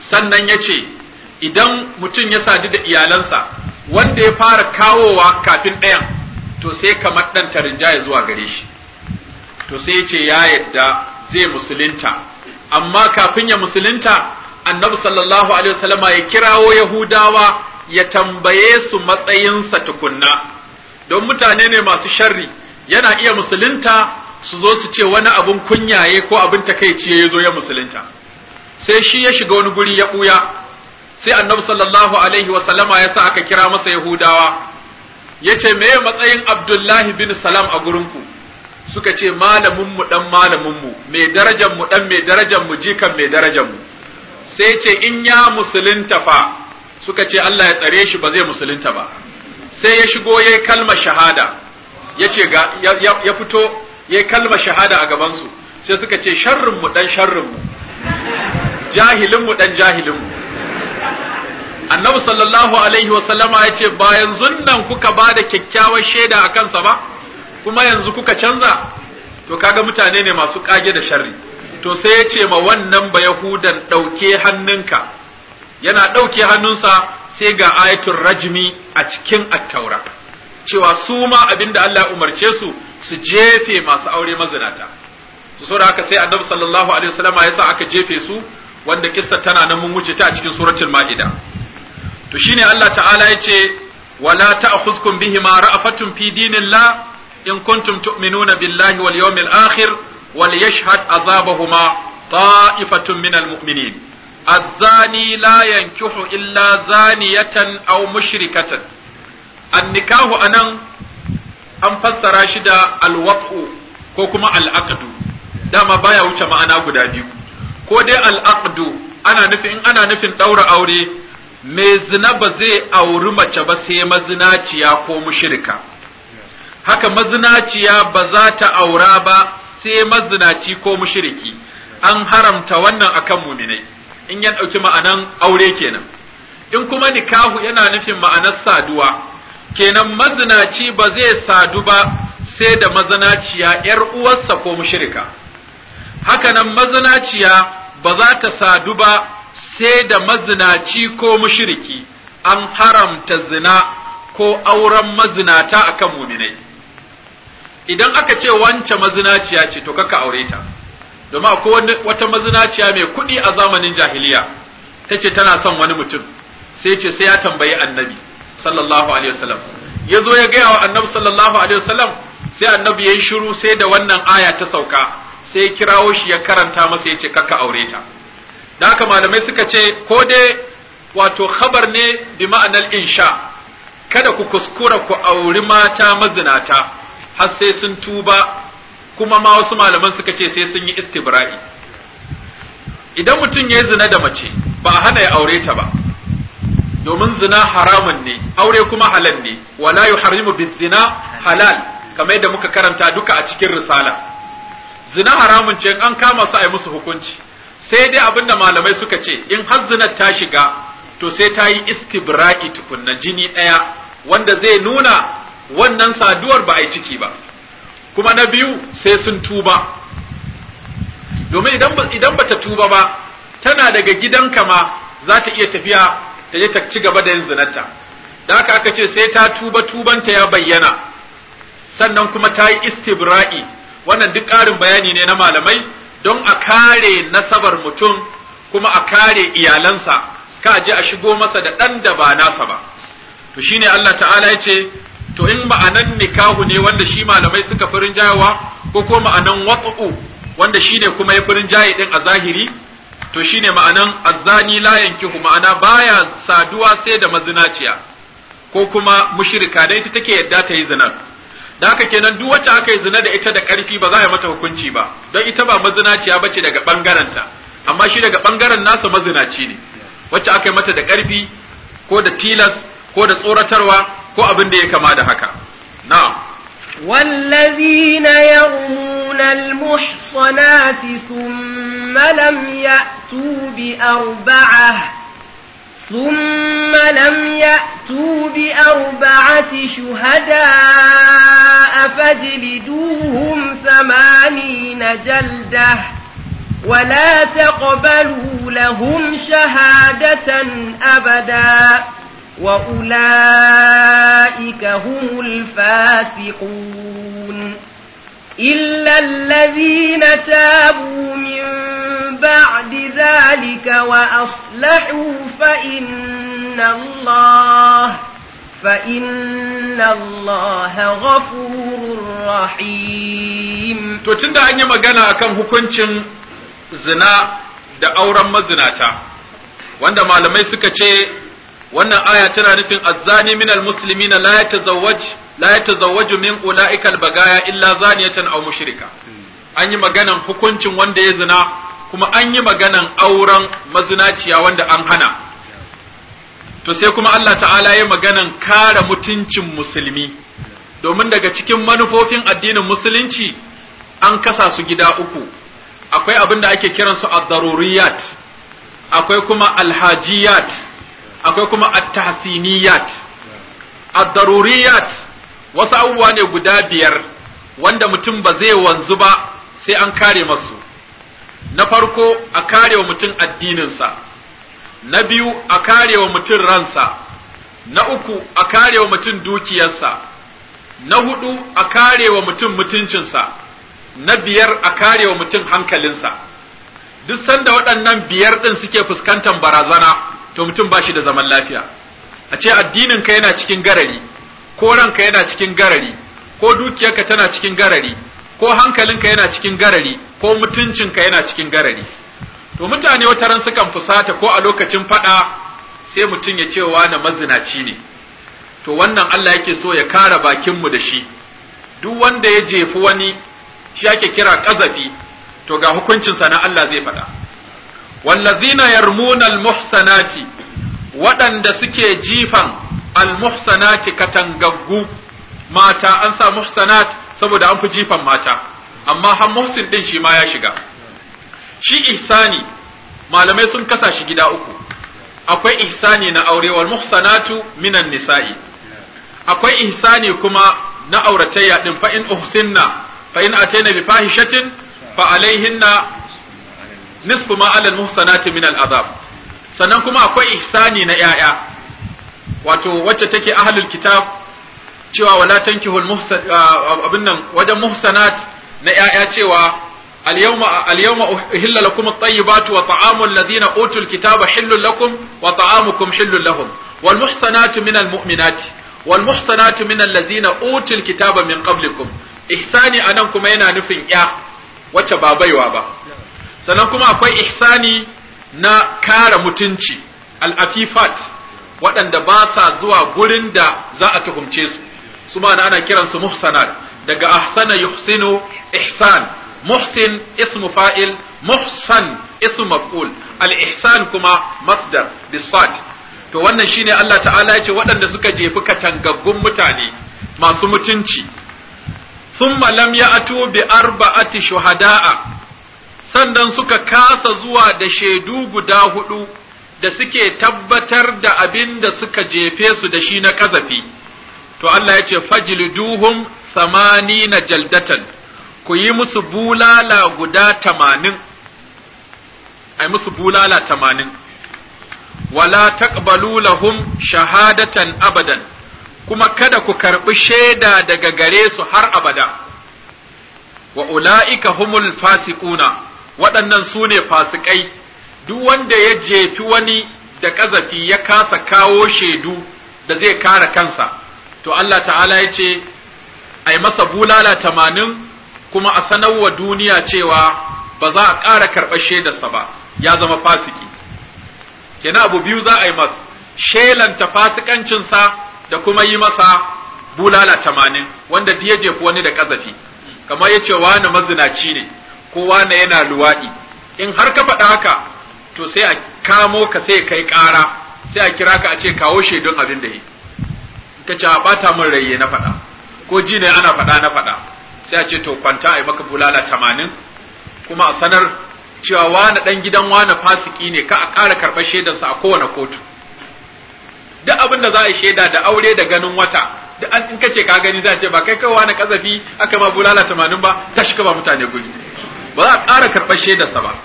sannan ya ce idan mutum ya sadu da iyalansa wanda ya fara kawowa kafin ɗayan to sai kamar ɗan ya zuwa gare shi to sai ya ce ya yadda zai musulunta amma kafin ya musulunta annabi sallallahu alaihi wasallama ya kirawo yahudawa ya tambaye su matsayinsa tukunna don mutane ne masu sharri yana iya musulunta su zo su ce wani abun kunyaye ko abin takaici ya zo ya musulunta sai shi ya shiga wani guri ya ɓuya sai annabi sallallahu alaihi wa sallama ya sa aka kira masa yahudawa ya ce meye matsayin abdullahi bin salam a gurinku suka ce malaminmu dan malaminmu mai darajanmu dan mai darajanmu jikan mai darajanmu sai ce in ya musulunta fa suka ce Allah ya tsare shi ba zai musulunta ba sai ya shigo ya kalma shahada ya ce ya fito yayi kalma shahada a gabansu. sai suka ce sharrin mu dan sharrin mu dan jahilin annabi sallallahu alaihi wa sallama ce. ba yanzu nan kuka ba da kyakkyawar shaida a kansa ba kuma yanzu kuka canza to kaga mutane ne masu kage da sharri to sai ya ce ma wannan ba yahudan ɗauke hannunka yana ɗauke hannunsa sai ga ayatul rajmi a cikin attaura cewa su ma abinda Allah ya umarce su su jefe masu aure mazinata su saboda haka sai annabi sallallahu alaihi wasallama yasa aka jefe su wanda kissa tana nan mun wuce ta a cikin suratul maida to shine Allah ta'ala yace wala ta'khuzkum bihima ra'afatun fi dinillah in kuntum tu'minuna billahi wal yawmil akhir wal yashhad azabahuma ta'ifatun minal mu'minin الزاني لا illa zaniyatan au mushrikatan. An النكاح anan. an fassara shi da alwat'u ko kuma al'aqdu dama baya wuce ma'ana guda biyu ko dai al'aqdu ana nufin ana nufin daura aure mai zina ba zai auri mace ba sai mazinaciya ko mushrika haka mazinaciya ba za ta aura ba sai mazinaci ko mushriki an haramta wannan akan muminai in ya ɗauki ma'anan aure kenan in kuma nikahu yana nufin ma'anar saduwa kenan mazinaci ba zai sadu ba sai da mazinaciya ‘yar uwarsa ko mushrika. Hakanan mazinaciya ba za ta sadu ba sai da mazinaci ko mushiriki an haramta zina ko auren mazinata a kan muminai. Idan aka ce wance mazinaciya ce to kaka aure ta, domin akwai wata mazinaciya mai kuɗi a zamanin jahiliya, ta ce tana son wani mutum, sai ce sai ya tambayi annabi. sallallahu alaihi wasallam ya zo ya gaya wa annabi sallallahu alaihi wasallam sai annabi ya yi shiru sai da wannan aya ta sauka sai ya kirawo shi ya karanta masa ya ce kakka aure ta da haka malamai suka ce ko dai wato khabar ne bi ma'anar insha kada ku kuskura ku auri mata mazinata har sai sun tuba kuma ma wasu malaman suka ce sai sun yi istibra'i idan mutum ya zina da mace ba a hana ya aure ta ba domin zina haramun ne aure kuma halal ne wala yuharrimu bizina halal kamar yadda muka karanta duka a cikin risala zina haramun ce an kama su ai musu hukunci sai dai abinda malamai suka ce in har zinar ta shiga to sai ta yi istibra'i tukunna jini ɗaya wanda zai nuna wannan saduwar ba a yi ciki ba kuma na biyu sai sun tuba domin idan ba ta tuba ba tana daga gidanka ma za ta iya tafiya ta je ta ci gaba da yin zinarta da haka aka ce sai ta tuba tubanta ya bayyana sannan kuma ta yi istibra'i wannan duk ƙarin bayani ne na malamai don a kare nasabar mutum kuma a kare iyalansa ka je a shigo masa da ɗan da ba nasa ba to shine Allah ta'ala ya ce to in ma'anan nikahu ne wanda shi malamai suka furin jayawa ko ko ma'anan wat'u wanda shine kuma ya furin jayi din a zahiri to shine ma'anan azzani la yankihu ma'ana baya saduwa sai da mazinaciya ko kuma mushrika dai ita take yadda ta yi zina da haka kenan duk wacce aka yi zina da ita da ƙarfi ba za a yi mata hukunci ba don ita ba mazinaciya bace daga bangaren ta amma shi daga bangaren nasa mazinaci ne wacce aka yi mata da ƙarfi ko da tilas ko da tsoratarwa ko abin da ya kama da haka na'am والذين يرمون المحصنات ثم لم يأتوا بأربعة ثم لم يأتوا بأربعة شهداء فاجلدوهم ثمانين جلدة ولا تقبلوا لهم شهادة أبداً وأولئك هم الفاسقون إلا الذين تابوا من بعد ذلك وأصلحوا فإن الله فإن الله غفور رحيم to an yi magana a kan hukuncin zina da auren mazinata wanda malamai suka ce wannan aya tana nufin azzani minal muslimina la yatazawwaj la yatazawwaju min ulaika albagaya illa zaniyatan aw mushrika an yi maganan hukuncin wanda ya zina kuma an yi maganan auren mazinaciya wanda an hana to sai kuma Allah ta'ala ya maganan kare mutuncin musulmi domin daga cikin manufofin addinin musulunci an kasa su gida uku akwai abin da ake kiransu ad-daruriyat akwai kuma alhajiyat akwai kuma at-tahsiniyat ad-daruriyat wasu abubuwa ne guda biyar wanda mutum ba zai wanzu ba sai an kare masu na farko a kare wa mutum addininsa na biyu a kare wa mutum ransa na uku a kare wa mutum dukiyarsa na hudu a kare wa mutum mutuncinsa na biyar a kare wa mutum hankalinsa duk sanda waɗannan biyar ɗin suke fuskantar barazana to mutum ba shi da zaman lafiya a ce addinin ka yana cikin garari ko ranka yana cikin garari ko dukiyarka tana cikin garari ko hankalinka yana cikin garari ko mutuncinka yana cikin garari to mutane wata ran sukan fusata ko a lokacin fada sai mutum ya cewa wani mazinaci ne to wannan Allah yake so ya kara bakinmu da shi duk wanda ya jefi wani shi ake kira ƙazafi to ga hukuncinsa na Allah zai faɗa wallazina yarmuna almuhsanati waɗanda suke jifan almuhsanati katangaggu mata an sa muhsanat saboda an fi jifan mata amma har muhsin ɗin shi ma ya shiga shi ihsani malamai sun kasa shi gida uku akwai ihsani na aure wal muhsanatu minan nisa'i akwai ihsani kuma na auratayya ɗin fa in uhsinna fa in atayna bi fahishatin fa alaihinna nisfu ma alal muhsanati min al azab sannan kuma akwai ihsani na yaya wato wacce take ahlul kitab cewa wala tankihul muhsan abin nan wajen muhsanat na yaya cewa اليوم اليوم أحل لكم الطيبات وطعام الذين أوتوا الكتاب حل لكم وطعامكم حل لهم والمحصنات من المؤمنات والمحصنات من الذين أوتوا الكتاب من قبلكم إحساني أنكم أين نفن يا وتبابي وابا sannan kuma akwai ihsani na kara mutunci al'afifat waɗanda ba sa zuwa gurin da za a tuhumce su su ma ana kiransu muhsanat daga ahsana yuhsinu ihsan muhsin ismu fa'il muhsan ismu maf'ul al-ihsan kuma masdar bisat to wannan shine Allah ta'ala ya ce waɗanda suka jefi katangaggun mutane masu mutunci thumma lam ya'tu bi arba'ati shuhada'a sannan suka kasa zuwa da shaidu guda hudu da suke tabbatar da abin da suka jefe su da shi na ƙazafi. To Allah ya ce, Fajilduhum samani na jaldatan, ku yi musu bulala guda tamanin, ai musu bulala tamanin, wala taqbalu lahum shahadatan abadan, kuma kada ku karɓi shaida daga gare su har abada, wa ula'ika humul fasiquna. waɗannan su ne fasikai duk wanda ya jefi wani da ƙazafi ya kasa kawo shaidu da zai kare kansa to Allah ta'ala ya ce a masa bulala tamanin kuma a sanarwa duniya cewa ba za a ƙara karɓar shaidarsa ba ya zama fasiki kenan abu biyu za a yi masa shelanta fasikancinsa da kuma yi masa bulala tamanin wanda ya jefi wani da ƙazafi kamar ya ce wani mazinaci ne kowa na yana luwaɗi in har ka faɗa haka to sai a kamo ka sai kai ƙara sai a kira ka a ce kawo shaidun abin da yi ka ce a ɓata min raye na faɗa ko ji ne ana faɗa na faɗa sai a ce to kwanta a maka bulala tamanin kuma a sanar cewa wani ɗan gidan wani fasiki ne ka a ƙara karɓar shaidarsa a kowane kotu duk abin da za a yi shaida da aure da ganin wata duk an in kace ka gani za a ce ba kai kai wani kazafi aka ma bulala tamanin ba tashi ka ba mutane guri ba za a ƙara karɓar shaidarsa ba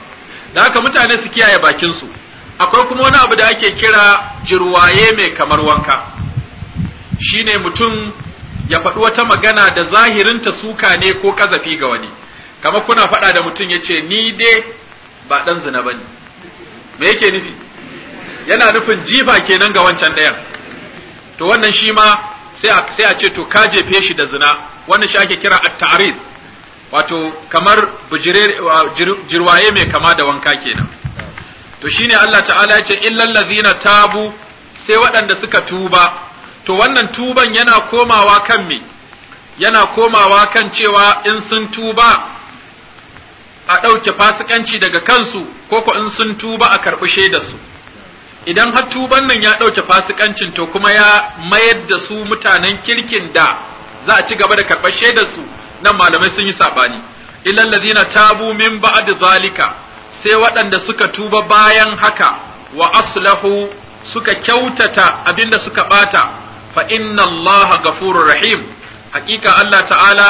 da haka mutane su kiyaye bakinsu akwai kuma wani abu da ake kira jirwaye mai kamar wanka shine mutum ya faɗi wata magana da zahirinta suka ne ko ƙazafi ga wani kamar kuna faɗa da mutum ya ce ni dai ba ɗan zina ba ne me yake nufi yana nufin jifa kenan ga wancan ɗayan to wannan shi ma sai a ce to ka jefe shi da zina wannan shi ake kira at-ta'rid wato kamar jirwaye mai kama da wanka kenan to shine Allah ta'ala ya ce illal ladhina tabu sai waɗanda suka tuba to wannan tuban yana komawa kan me yana komawa kan cewa in sun tuba a ɗauke fasikanci daga kansu ko ko in sun tuba a karɓi su. idan har tuban nan ya ɗauke fasikancin to kuma ya mayar da su mutanen kirkin da za a ci gaba da karɓar su. nan malamai sun yi saɓani illal ladina tabu min ba'd zalika sai waɗanda suka tuba bayan haka wa aslahu suka kyautata abinda suka bata fa inna allaha ghafurur rahim hakika Allah ta'ala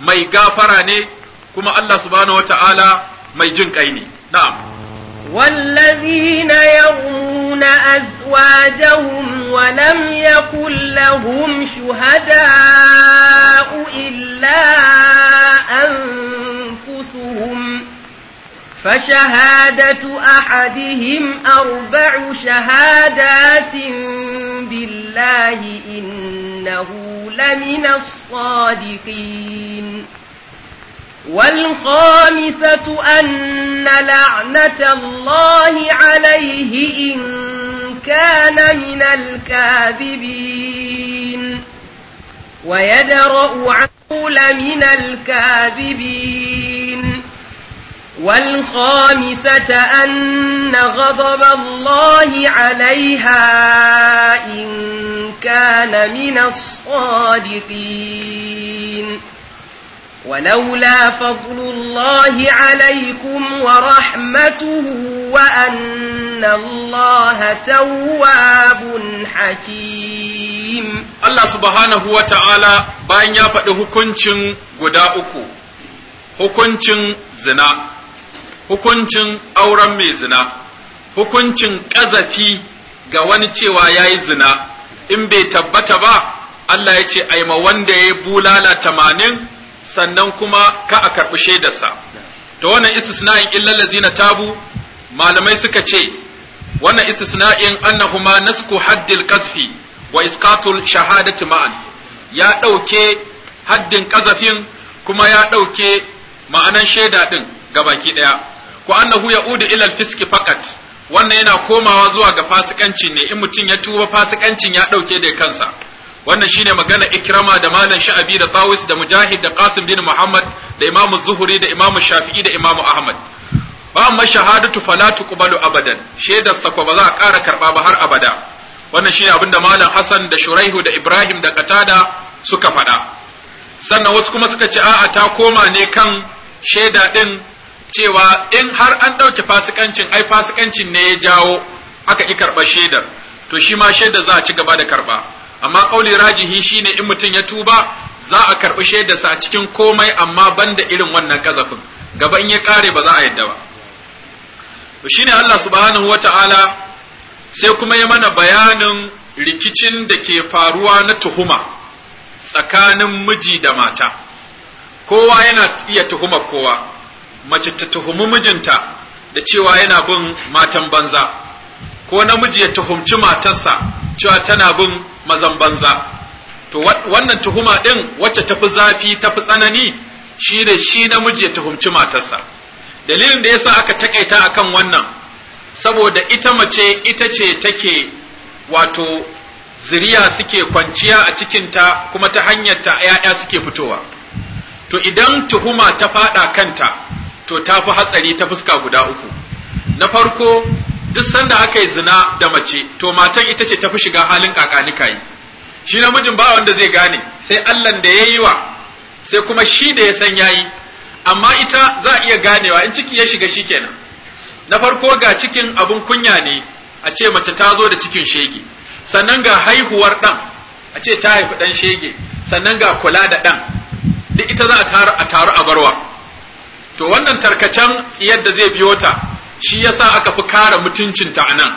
mai gafara ne kuma Allah subhanahu Ta'ala mai jin kai ne na'am والذين يرمون أزواجهم ولم يكن لهم شهداء إلا أنفسهم فشهادة أحدهم أربع شهادات بالله إنه لمن الصادقين والخامسة أن لعنة الله عليه إن كان من الكاذبين ويدرأ عقول من الكاذبين والخامسة أن غضب الله عليها إن كان من الصادقين ولولا فضل الله عليكم ورحمته وأن الله تواب حكيم الله سبحانه وتعالى باين faɗi hukuncin غدا uku hukuncin zina hukuncin auren mai zina hukuncin ƙazafi ga wani cewa ya yi zina in bai tabbata ba Allah ya ce aima wanda ya bulala tamanin sannan kuma ka a karɓi shaidarsa to wannan istisna'in illal zina tabu malamai suka ce wannan istisna'in annahuma nasku haddil kasfi wa isqatul shahadatu ma'an ya ɗauke haddin ƙazafin kuma ya ɗauke ma'anan shaida ɗin ga baki ɗaya ku annahu udu ilal fiski fakat wannan yana komawa zuwa ga fasikanci ne in mutum ya tuba fasikancin ya ɗauke da kansa wannan shine magana ikrama da malam sha'abi da tawis da mujahid da qasim bin muhammad da imam zuhuri da imam shafi'i da imam ahmad ba amma shahadatu fala tuqbalu abadan shaidar sa ba za a ƙara karba ba har abada wannan shine abinda malam hasan da shuraihu da ibrahim da qatada suka faɗa sannan wasu kuma suka ce a'a ta koma ne kan shaida din cewa in har an ɗauke fasikancin ai fasikancin ne ya jawo aka ki karɓar shaidar to shi ma shaidar za a ci gaba da karɓa amma kauli rajihi shine in mutum ya tuba za a karbi shaidarsa sa cikin komai amma banda irin wannan kazafin gaba in ya kare ba za a yadda ba to shine Allah subhanahu wata'ala sai kuma ya mana bayanin rikicin da ke faruwa na tuhuma tsakanin miji da mata kowa yana iya tuhuma kowa mace ta tuhumi mijinta da cewa yana bin matan banza ko namiji ya tuhumci matarsa cewa tana bin mazan banza to wannan tuhuma ɗin wacce tafi zafi tafi tsanani shi da shi namiji ya tuhumci matarsa dalilin da ya sa aka takaita akan wannan saboda ita mace ita ce take wato ziriya suke kwanciya a cikinta kuma ta hanyar ta ‘ya'ya suke fitowa. To idan tuhuma ta faɗa kanta, to ta fi hatsari ta fuska guda uku. Na farko, duk sanda aka yi zina da mace to matan ita ce tafi shiga halin kakanika yi shi namijin ba wanda zai gane sai Allah da ya yi wa sai kuma shi da ya san yayi amma ita za a iya ganewa in ciki ya shiga shi kenan. na farko ga cikin abun kunya ne a ce mace ta zo da cikin shege sannan ga haihuwar dan a ce ta haifi dan shege sannan ga kula da dan duk ita za a taru a barwa to wannan tarkacen tsiyar zai biyo ta shi yasa aka fi kare mutuncinta a nan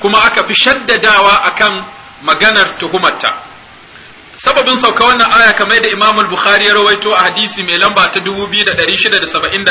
kuma aka fi shaddadawa akan maganar tuhumarta sababin sauka wannan aya kamar da Imam Bukhari ya rawaito a hadisi mai lamba ta 2671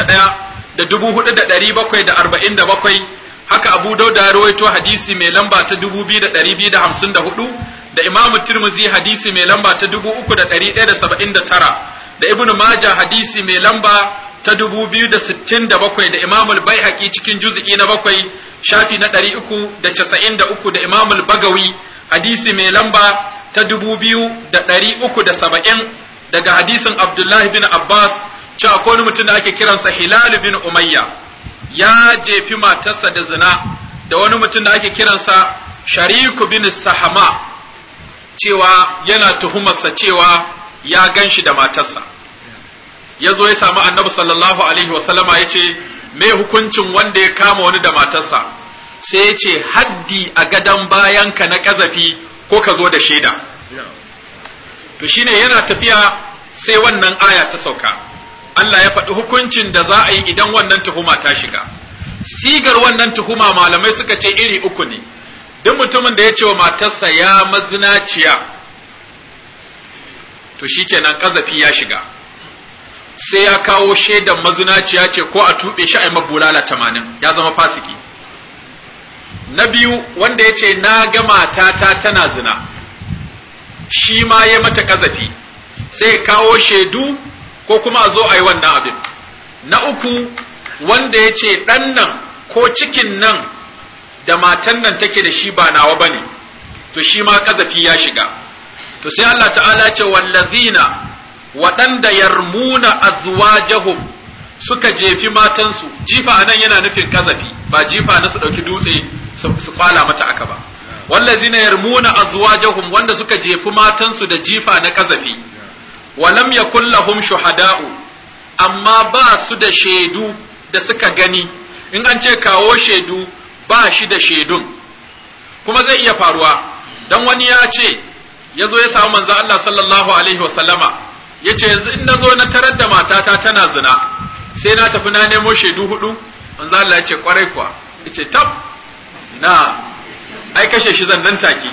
da 4747 haka Abu Dauda ya rawaito hadisi mai lamba ta 2254 da Imam Tirmidhi hadisi mai lamba ta 3179 da Ibn Majah hadisi mai lamba ta dubu biyu da sittin da da bakwai Imamul Baihaqi cikin juzuki na bakwai shafi na ɗari uku da casa'in da da uku Imamul Bagawi hadisi mai lamba ta dubu biyu da da ɗari uku saba'in, daga hadisin Abdullahi bin Abbas cewa akwai wani mutum da ake kiransa Hilal bin Umayya ya jefi matarsa da zina da wani mutum da ake kiransa Shariku bin Sahama cewa yana tuhumarsa cewa ya ganshi da matarsa ya zo ya samu annabi sallallahu alaihi wa sallama ya ce me hukuncin wanda ya kama wani da matarsa sai ya ce haddi a gadon ka na kazafi ko ka zo da shaida to shine yana tafiya sai wannan aya ta sauka Allah ya faɗi hukuncin da za a yi idan wannan tuhuma ta shiga sigar wannan tuhuma malamai suka ce iri uku ne duk mutumin da ya ce wa matarsa ya mazinaciya to shikenan kazafi ya shiga sai ya kawo shaidan mazinaciya ce ko a tuɓe shi a yi mabulala tamanin ya zama fasiki na biyu wanda ya ce na ga matata tana zina shi ma ya mata kazafi sai kawo shaidu ko kuma a zo a yi wannan abin na uku wanda ya ce ɗan nan ko cikin nan da matan nan take da shi ba nawa ba ne to shi ma kazafi ya shiga to sai Allah ta'ala ce wallazina waɗanda yarmuna azwajahum suka jefi matansu jifa anan yana nufin kazafi ba jifa na su ɗauki dutse su kwala mata aka ba wallazina yarmuna azwajahum wanda suka jefi matansu da jifa na kazafi walam yakul lahum shuhada'u amma ba su da shaidu da suka gani in an ce kawo shaidu ba shi da shaidun kuma zai iya faruwa dan wani ya ce yazo ya samu manzo Allah sallallahu alaihi wasallama yace yanzu in nazo na tarar da matata tana zina sai na tafi na nemo shaidu hudu manzo Allah yace kwarai kuwa ce tab na ai kashe shi zan nan take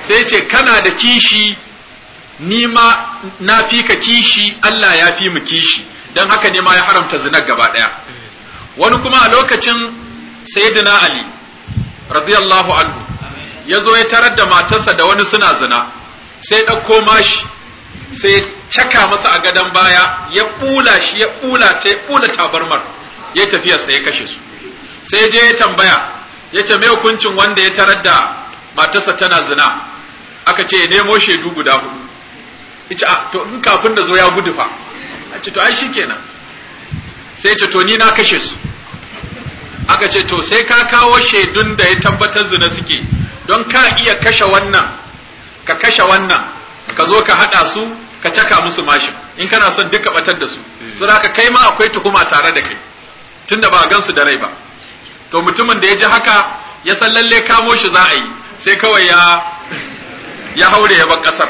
sai yace kana da kishi ni ma na fi ka kishi Allah ya fi mu kishi dan haka ne ma ya haramta zina gaba daya wani kuma a lokacin sayyidina Ali radiyallahu anhu ya zo ya tarar da matarsa da wani suna zina sai ɗauko mashi sai caka masa a gadon baya ya bula shi ya bula ta ya bula tabarmar ya tafiya sai ya kashe su sai je ya tambaya ya ce me hukuncin wanda ya tarar da matarsa tana zina aka ce ya nemo shaidu guda hudu yace a to in kafin da zo ya gudu fa a ce to ai shikenan sai ya ce to ni na kashe su aka ce to sai ka kawo shaidun da ya tabbatar zina suke don ka iya kashe wannan ka kashe wannan ka zo ka hada su ka caka musu mashin in kana son duka batar da su hmm. sai haka kai ma akwai tuhuma tare da kai tunda ba gansu da rai ba to mutumin da ya ji haka ya san lalle kamo shi za a yi sai kawai ya ya haure ya bar kasar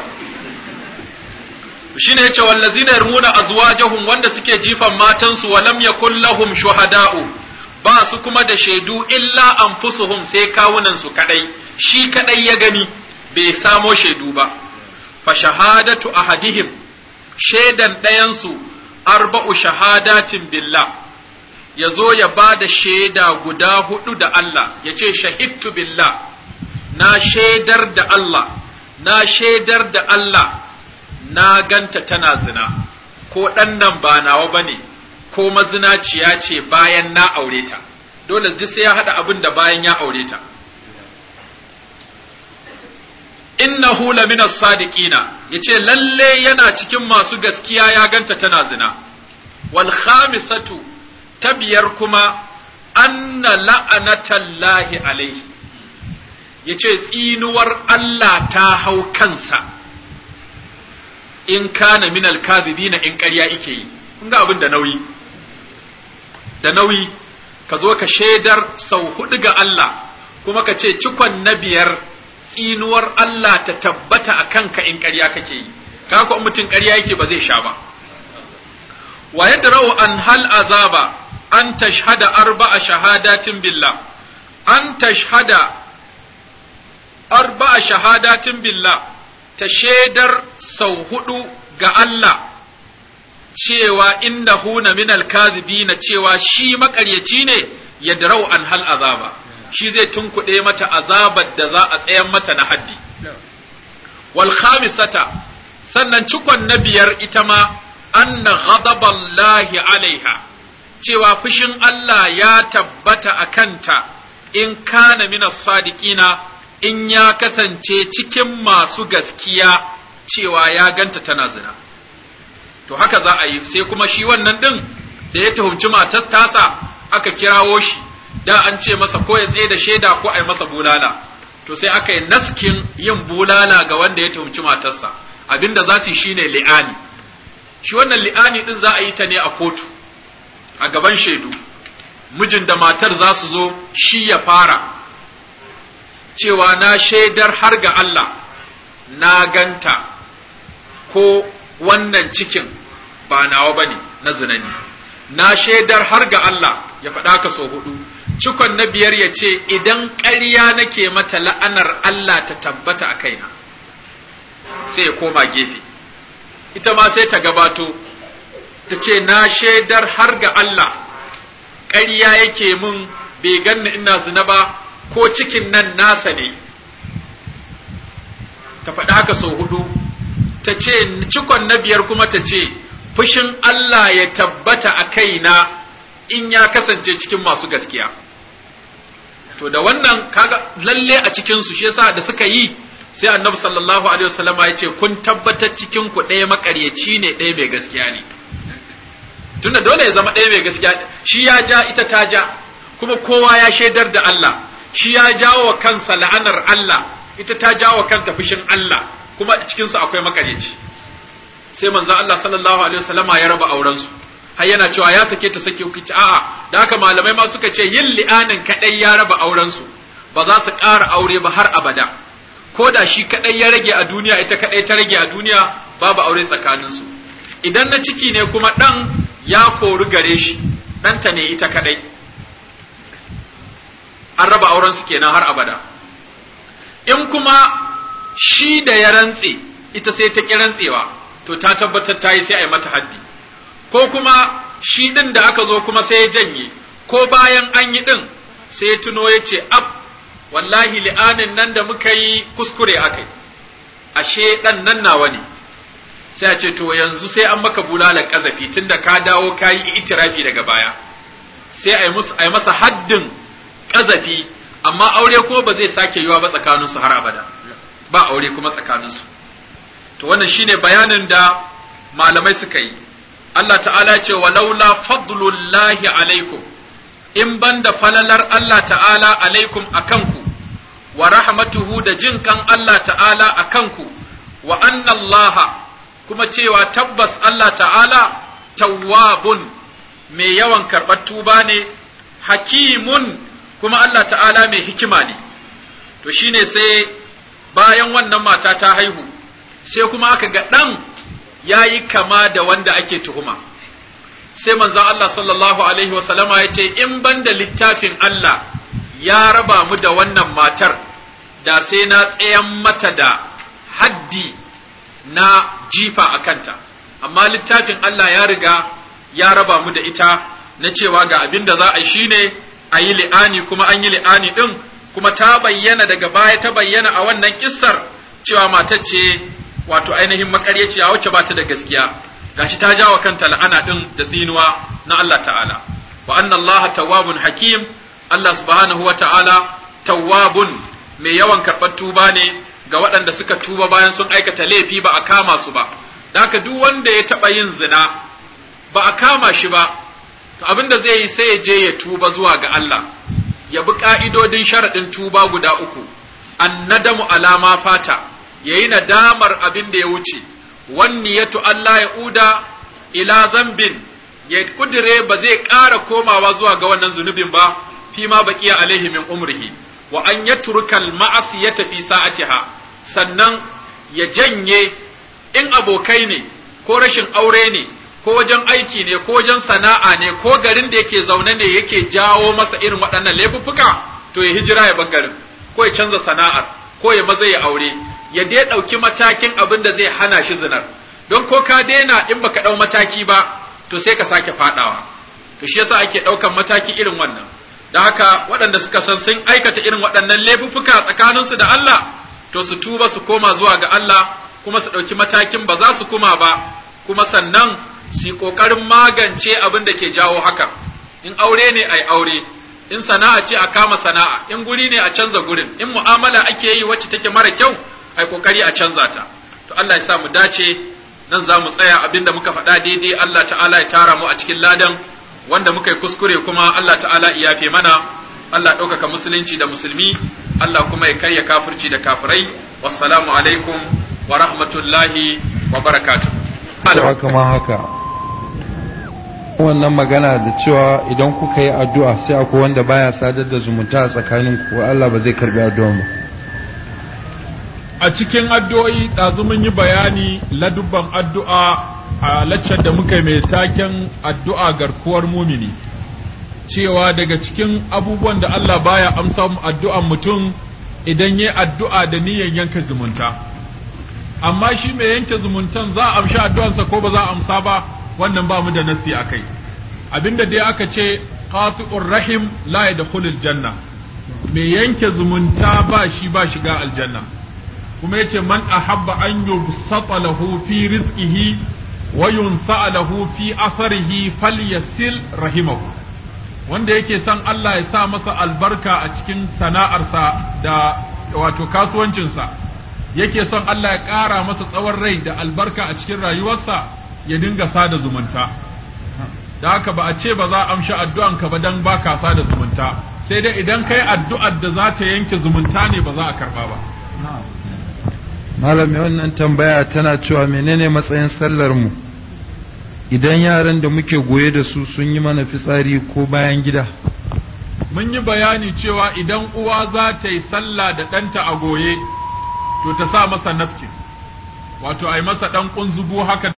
shine yace wallazina yarmuna azwajahum wanda suke jifan matansu wa lam yakul lahum shuhada'u ba su kuma da shaidu illa anfusuhum sai kawunan su kadai shi kadai ya gani bai samo shaidu ba fa shahadatu ahadihim shaidan ɗayansu arba'u shahadatin billah ya zo ya ba da shaida guda hudu da Allah ya ce shahidtu billah na shaidar da Allah na shaidar da Allah na ganta tana zina ko ɗan nan ba nawa ba ne ko mazinaciya ce bayan na aure ta dole duk sai ya haɗa abin da bayan ya aure ta innahu minas sadiqina yace lalle yana cikin masu gaskiya ya ganta tana zina wal khamisatu ta biyar kuma anna la'anatallahi alaihi yace tsinuwar Allah ta hau kansa in kana minal kadhibina in ƙarya ike yi kun ga abin da nauyi da nauyi ka zo ka shaidar sau hudu ga Allah kuma ka ce cikon na biyar tsinuwar Allah ta tabbata a kanka in ƙarya kake yi ka mutum ƙarya yake ba zai sha ba wa yadra'u an hal azaba an tashhada arba'a shahadatin billah an tashhada arba'a shahadatin billah ta shaidar sau hudu ga Allah cewa innahu na minal na cewa shi makaryaci ne yadra'u an hal azaba shi zai tunkuɗe mata azabar da za a tsayan mata na haddi wal khamisata sannan cikon na biyar ita ma anna lahi alaiha cewa fushin Allah ya tabbata a kanta in kana minas sadiqina in ya kasance cikin masu gaskiya cewa ya ganta tana zina to haka za a yi sai kuma shi wannan ɗin da ya tuhumci matar tasa aka kirawo shi da an ce masa ko ya tsaye da shaida ko a yi masa bulala to sai aka yi naskin yin bulala ga wanda ya tuhumci matarsa abinda za su yi shine li'ani shi wannan li'ani din za a yi ta ne a kotu a gaban shaidu mijin da matar za su zo shi ya fara cewa na shaidar har ga Allah na ganta ko wannan cikin ba nawa bane na zinani na shaidar har ga Allah ya faɗa ka so hudu cikon na biyar ya ce idan ƙarya nake mata la'anar Allah ta tabbata a kaina sai ya koma gefe ita ma sai ta gabato ta ce na shaidar har ga Allah ƙarya yake mun bai ganna ina zina ba ko cikin nan nasa ne ta faɗa ka sau hudu ta ce cikon na biyar kuma ta ce fushin Allah ya tabbata a kaina in ya kasance cikin masu gaskiya to da wannan kaga lalle a cikinsu shi yasa da suka yi sai annabi sallallahu alaihi wasallama ya ce kun tabbatar cikinku ɗaya makaryaci ne ɗaya mai gaskiya ne tunda dole ya zama ɗaya mai gaskiya shi ya ja ita ta ja kuma kowa ya shaidar da Allah shi ya jawo kansa la'anar Allah ita ta jawo kanta fushin Allah kuma cikinsu akwai makaryaci sai manzo Allah sallallahu alaihi wasallama ya raba auren su har yana cewa ya sake ta sake kuci a'a da haka malamai ma suka ce yin li'anin kadai ya raba auren su ba za su ƙara aure ba har abada ko da shi kadai ya rage a duniya ita kadai ta rage a duniya babu aure tsakanin su idan na ciki ne kuma dan ya kori gare shi ɗanta ne ita kadai an raba auren su kenan har abada in kuma shi da ya rantse ita sai ta ki rantsewa to ta tabbatar ta yi sai a yi mata haddi ko kuma shi ɗin da aka zo kuma sai ya janye ko bayan an yi ɗin sai ya tuno ya ce ab wallahi li'anin nan da muka yi kuskure aka yi ashe ɗan nan nawa ne sai a ce to yanzu sai an maka bulala ƙazafi tunda ka dawo ka yi itirafi daga baya sai a yi masa haddin ƙazafi amma aure kuma ba zai sake yiwa ba tsakaninsu har abada ba aure kuma tsakaninsu to wannan shine bayanin da malamai suka yi Allah ta'ala ce laula fadlullahi alaikum in banda falalar Allah ta'ala alaikum akanku wa rahmatuhu da jin kan Allah ta'ala akanku wa anna Allah kuma cewa tabbas Allah ta'ala tawwabun mai yawan karɓar tuba ne hakimun kuma Allah ta'ala mai hikima ne to shine sai bayan wannan mata ta haihu sai kuma aka ga ɗan ya yi kama da wanda ake tuhuma sai manzon Allah sallallahu alaihi wasallama ya ce in ban da littafin Allah ya raba mu da wannan matar da sai na tsayan mata da haddi na jifa a kanta amma littafin Allah ya riga ya raba mu da ita na cewa ga abin da za a yi ne a yi li'ani kuma an yi li'ani ɗin kuma ta bayyana daga baya ta bayyana a wannan kissar cewa matar ce wato ainihin makaryaciya wacce ba ta da gaskiya gashi ta jawa kanta la'ana din da tsinuwa na Allah ta'ala wa anna Allah tawwabun hakim Allah subhanahu wa ta'ala tawwabun mai yawan karɓar tuba ne ga waɗanda suka tuba bayan sun aikata laifi ba a kama su ba haka duk wanda ya taɓa yin zina ba a kama shi ba To abin da zai yi sai ya je ya tuba zuwa ga Allah ya bi ƙa'idodin sharaɗin tuba guda uku annadamu alama fata yayi nadamar abin da ya wuce wanniyatu Allah ya uda ila zambin ya kudire ba zai ƙara komawa zuwa ga wannan zunubin ba fi ma baqiya alaihi min umrihi wa an yatruka al fi sa'atiha sannan ya janye in abokai ne ko rashin aure ne ko wajen aiki ne ko wajen sana'a ne ko garin da yake zaune ne yake jawo masa irin waɗannan laifuffuka to ya hijira ya bar ko ya canza sana'ar ko ya maza ya aure ya dai ɗauki matakin abin da zai hana shi zinar don ko ka daina in baka ɗau mataki ba to sai ka sake faɗawa to shi yasa ake ɗaukan mataki irin wannan da haka waɗanda suka san sun aikata irin waɗannan laifuffuka tsakaninsu da Allah to su tuba su koma zuwa ga Allah kuma su ɗauki matakin ba za su kuma ba kuma sannan su yi ƙoƙarin magance abin da ke jawo haka in aure ne ai aure in sana'a ce a kama sana'a in guri ne a canza gurin in mu'amala ake yi wacce take mara kyau ai kokari a canza ta to Allah ya sa mu dace nan za mu tsaya abinda muka faɗa daidai Allah ta'ala ya tara mu a cikin ladan wanda muka yi kuskure kuma Allah ta'ala ya yafe mana Allah ɗaukaka musulunci da musulmi Allah kuma ya karya kafirci da kafirai wassalamu alaikum wa rahmatullahi wa barakatuh kuma haka wannan magana da cewa idan kuka yi addu'a sai akwai wanda baya sadar da zumunta a tsakaninku Allah ba zai karbi addu'a mu a cikin addu'o'i ɗazu mun yi bayani ladubban addu'a a laccar da muka mai taken addu'a garkuwar mumini cewa daga cikin abubuwan da Allah baya amsa addu'an mutum idan yi addu'a da niyyar yanka zumunta amma shi mai yanke zumuntan za a amshi addu'ansa ko ba za a amsa ba wannan ba mu da nasi a kai abinda dai aka ce qati'ur rahim la yadkhulul janna mai yanke zumunta ba shi ba shiga aljanna kuma yace man ahabba an yubsata lahu fi rizqihi wa yunsa'a lahu fi atharihi falyasil rahimahu wanda yake son Allah ya sa masa albarka a cikin sana'arsa da wato kasuwancinsa yake son Allah ya ƙara masa tsawon rai da albarka a cikin rayuwarsa ya dinga sada zumunta da haka ba a ce ba za a amshi addu'anka ba dan baka sada zumunta sai dai idan kai addu'ar da za ta yanke zumunta ne ba za a karɓa ba malam wannan tambaya tana cewa menene matsayin sallar mu idan yaran da muke goye da su sun yi mana fitsari ko bayan gida mun yi bayani cewa idan uwa za ta yi sallah da ɗanta a goye to ta sa masa nafkin wato a masa ɗan ƙunzugu haka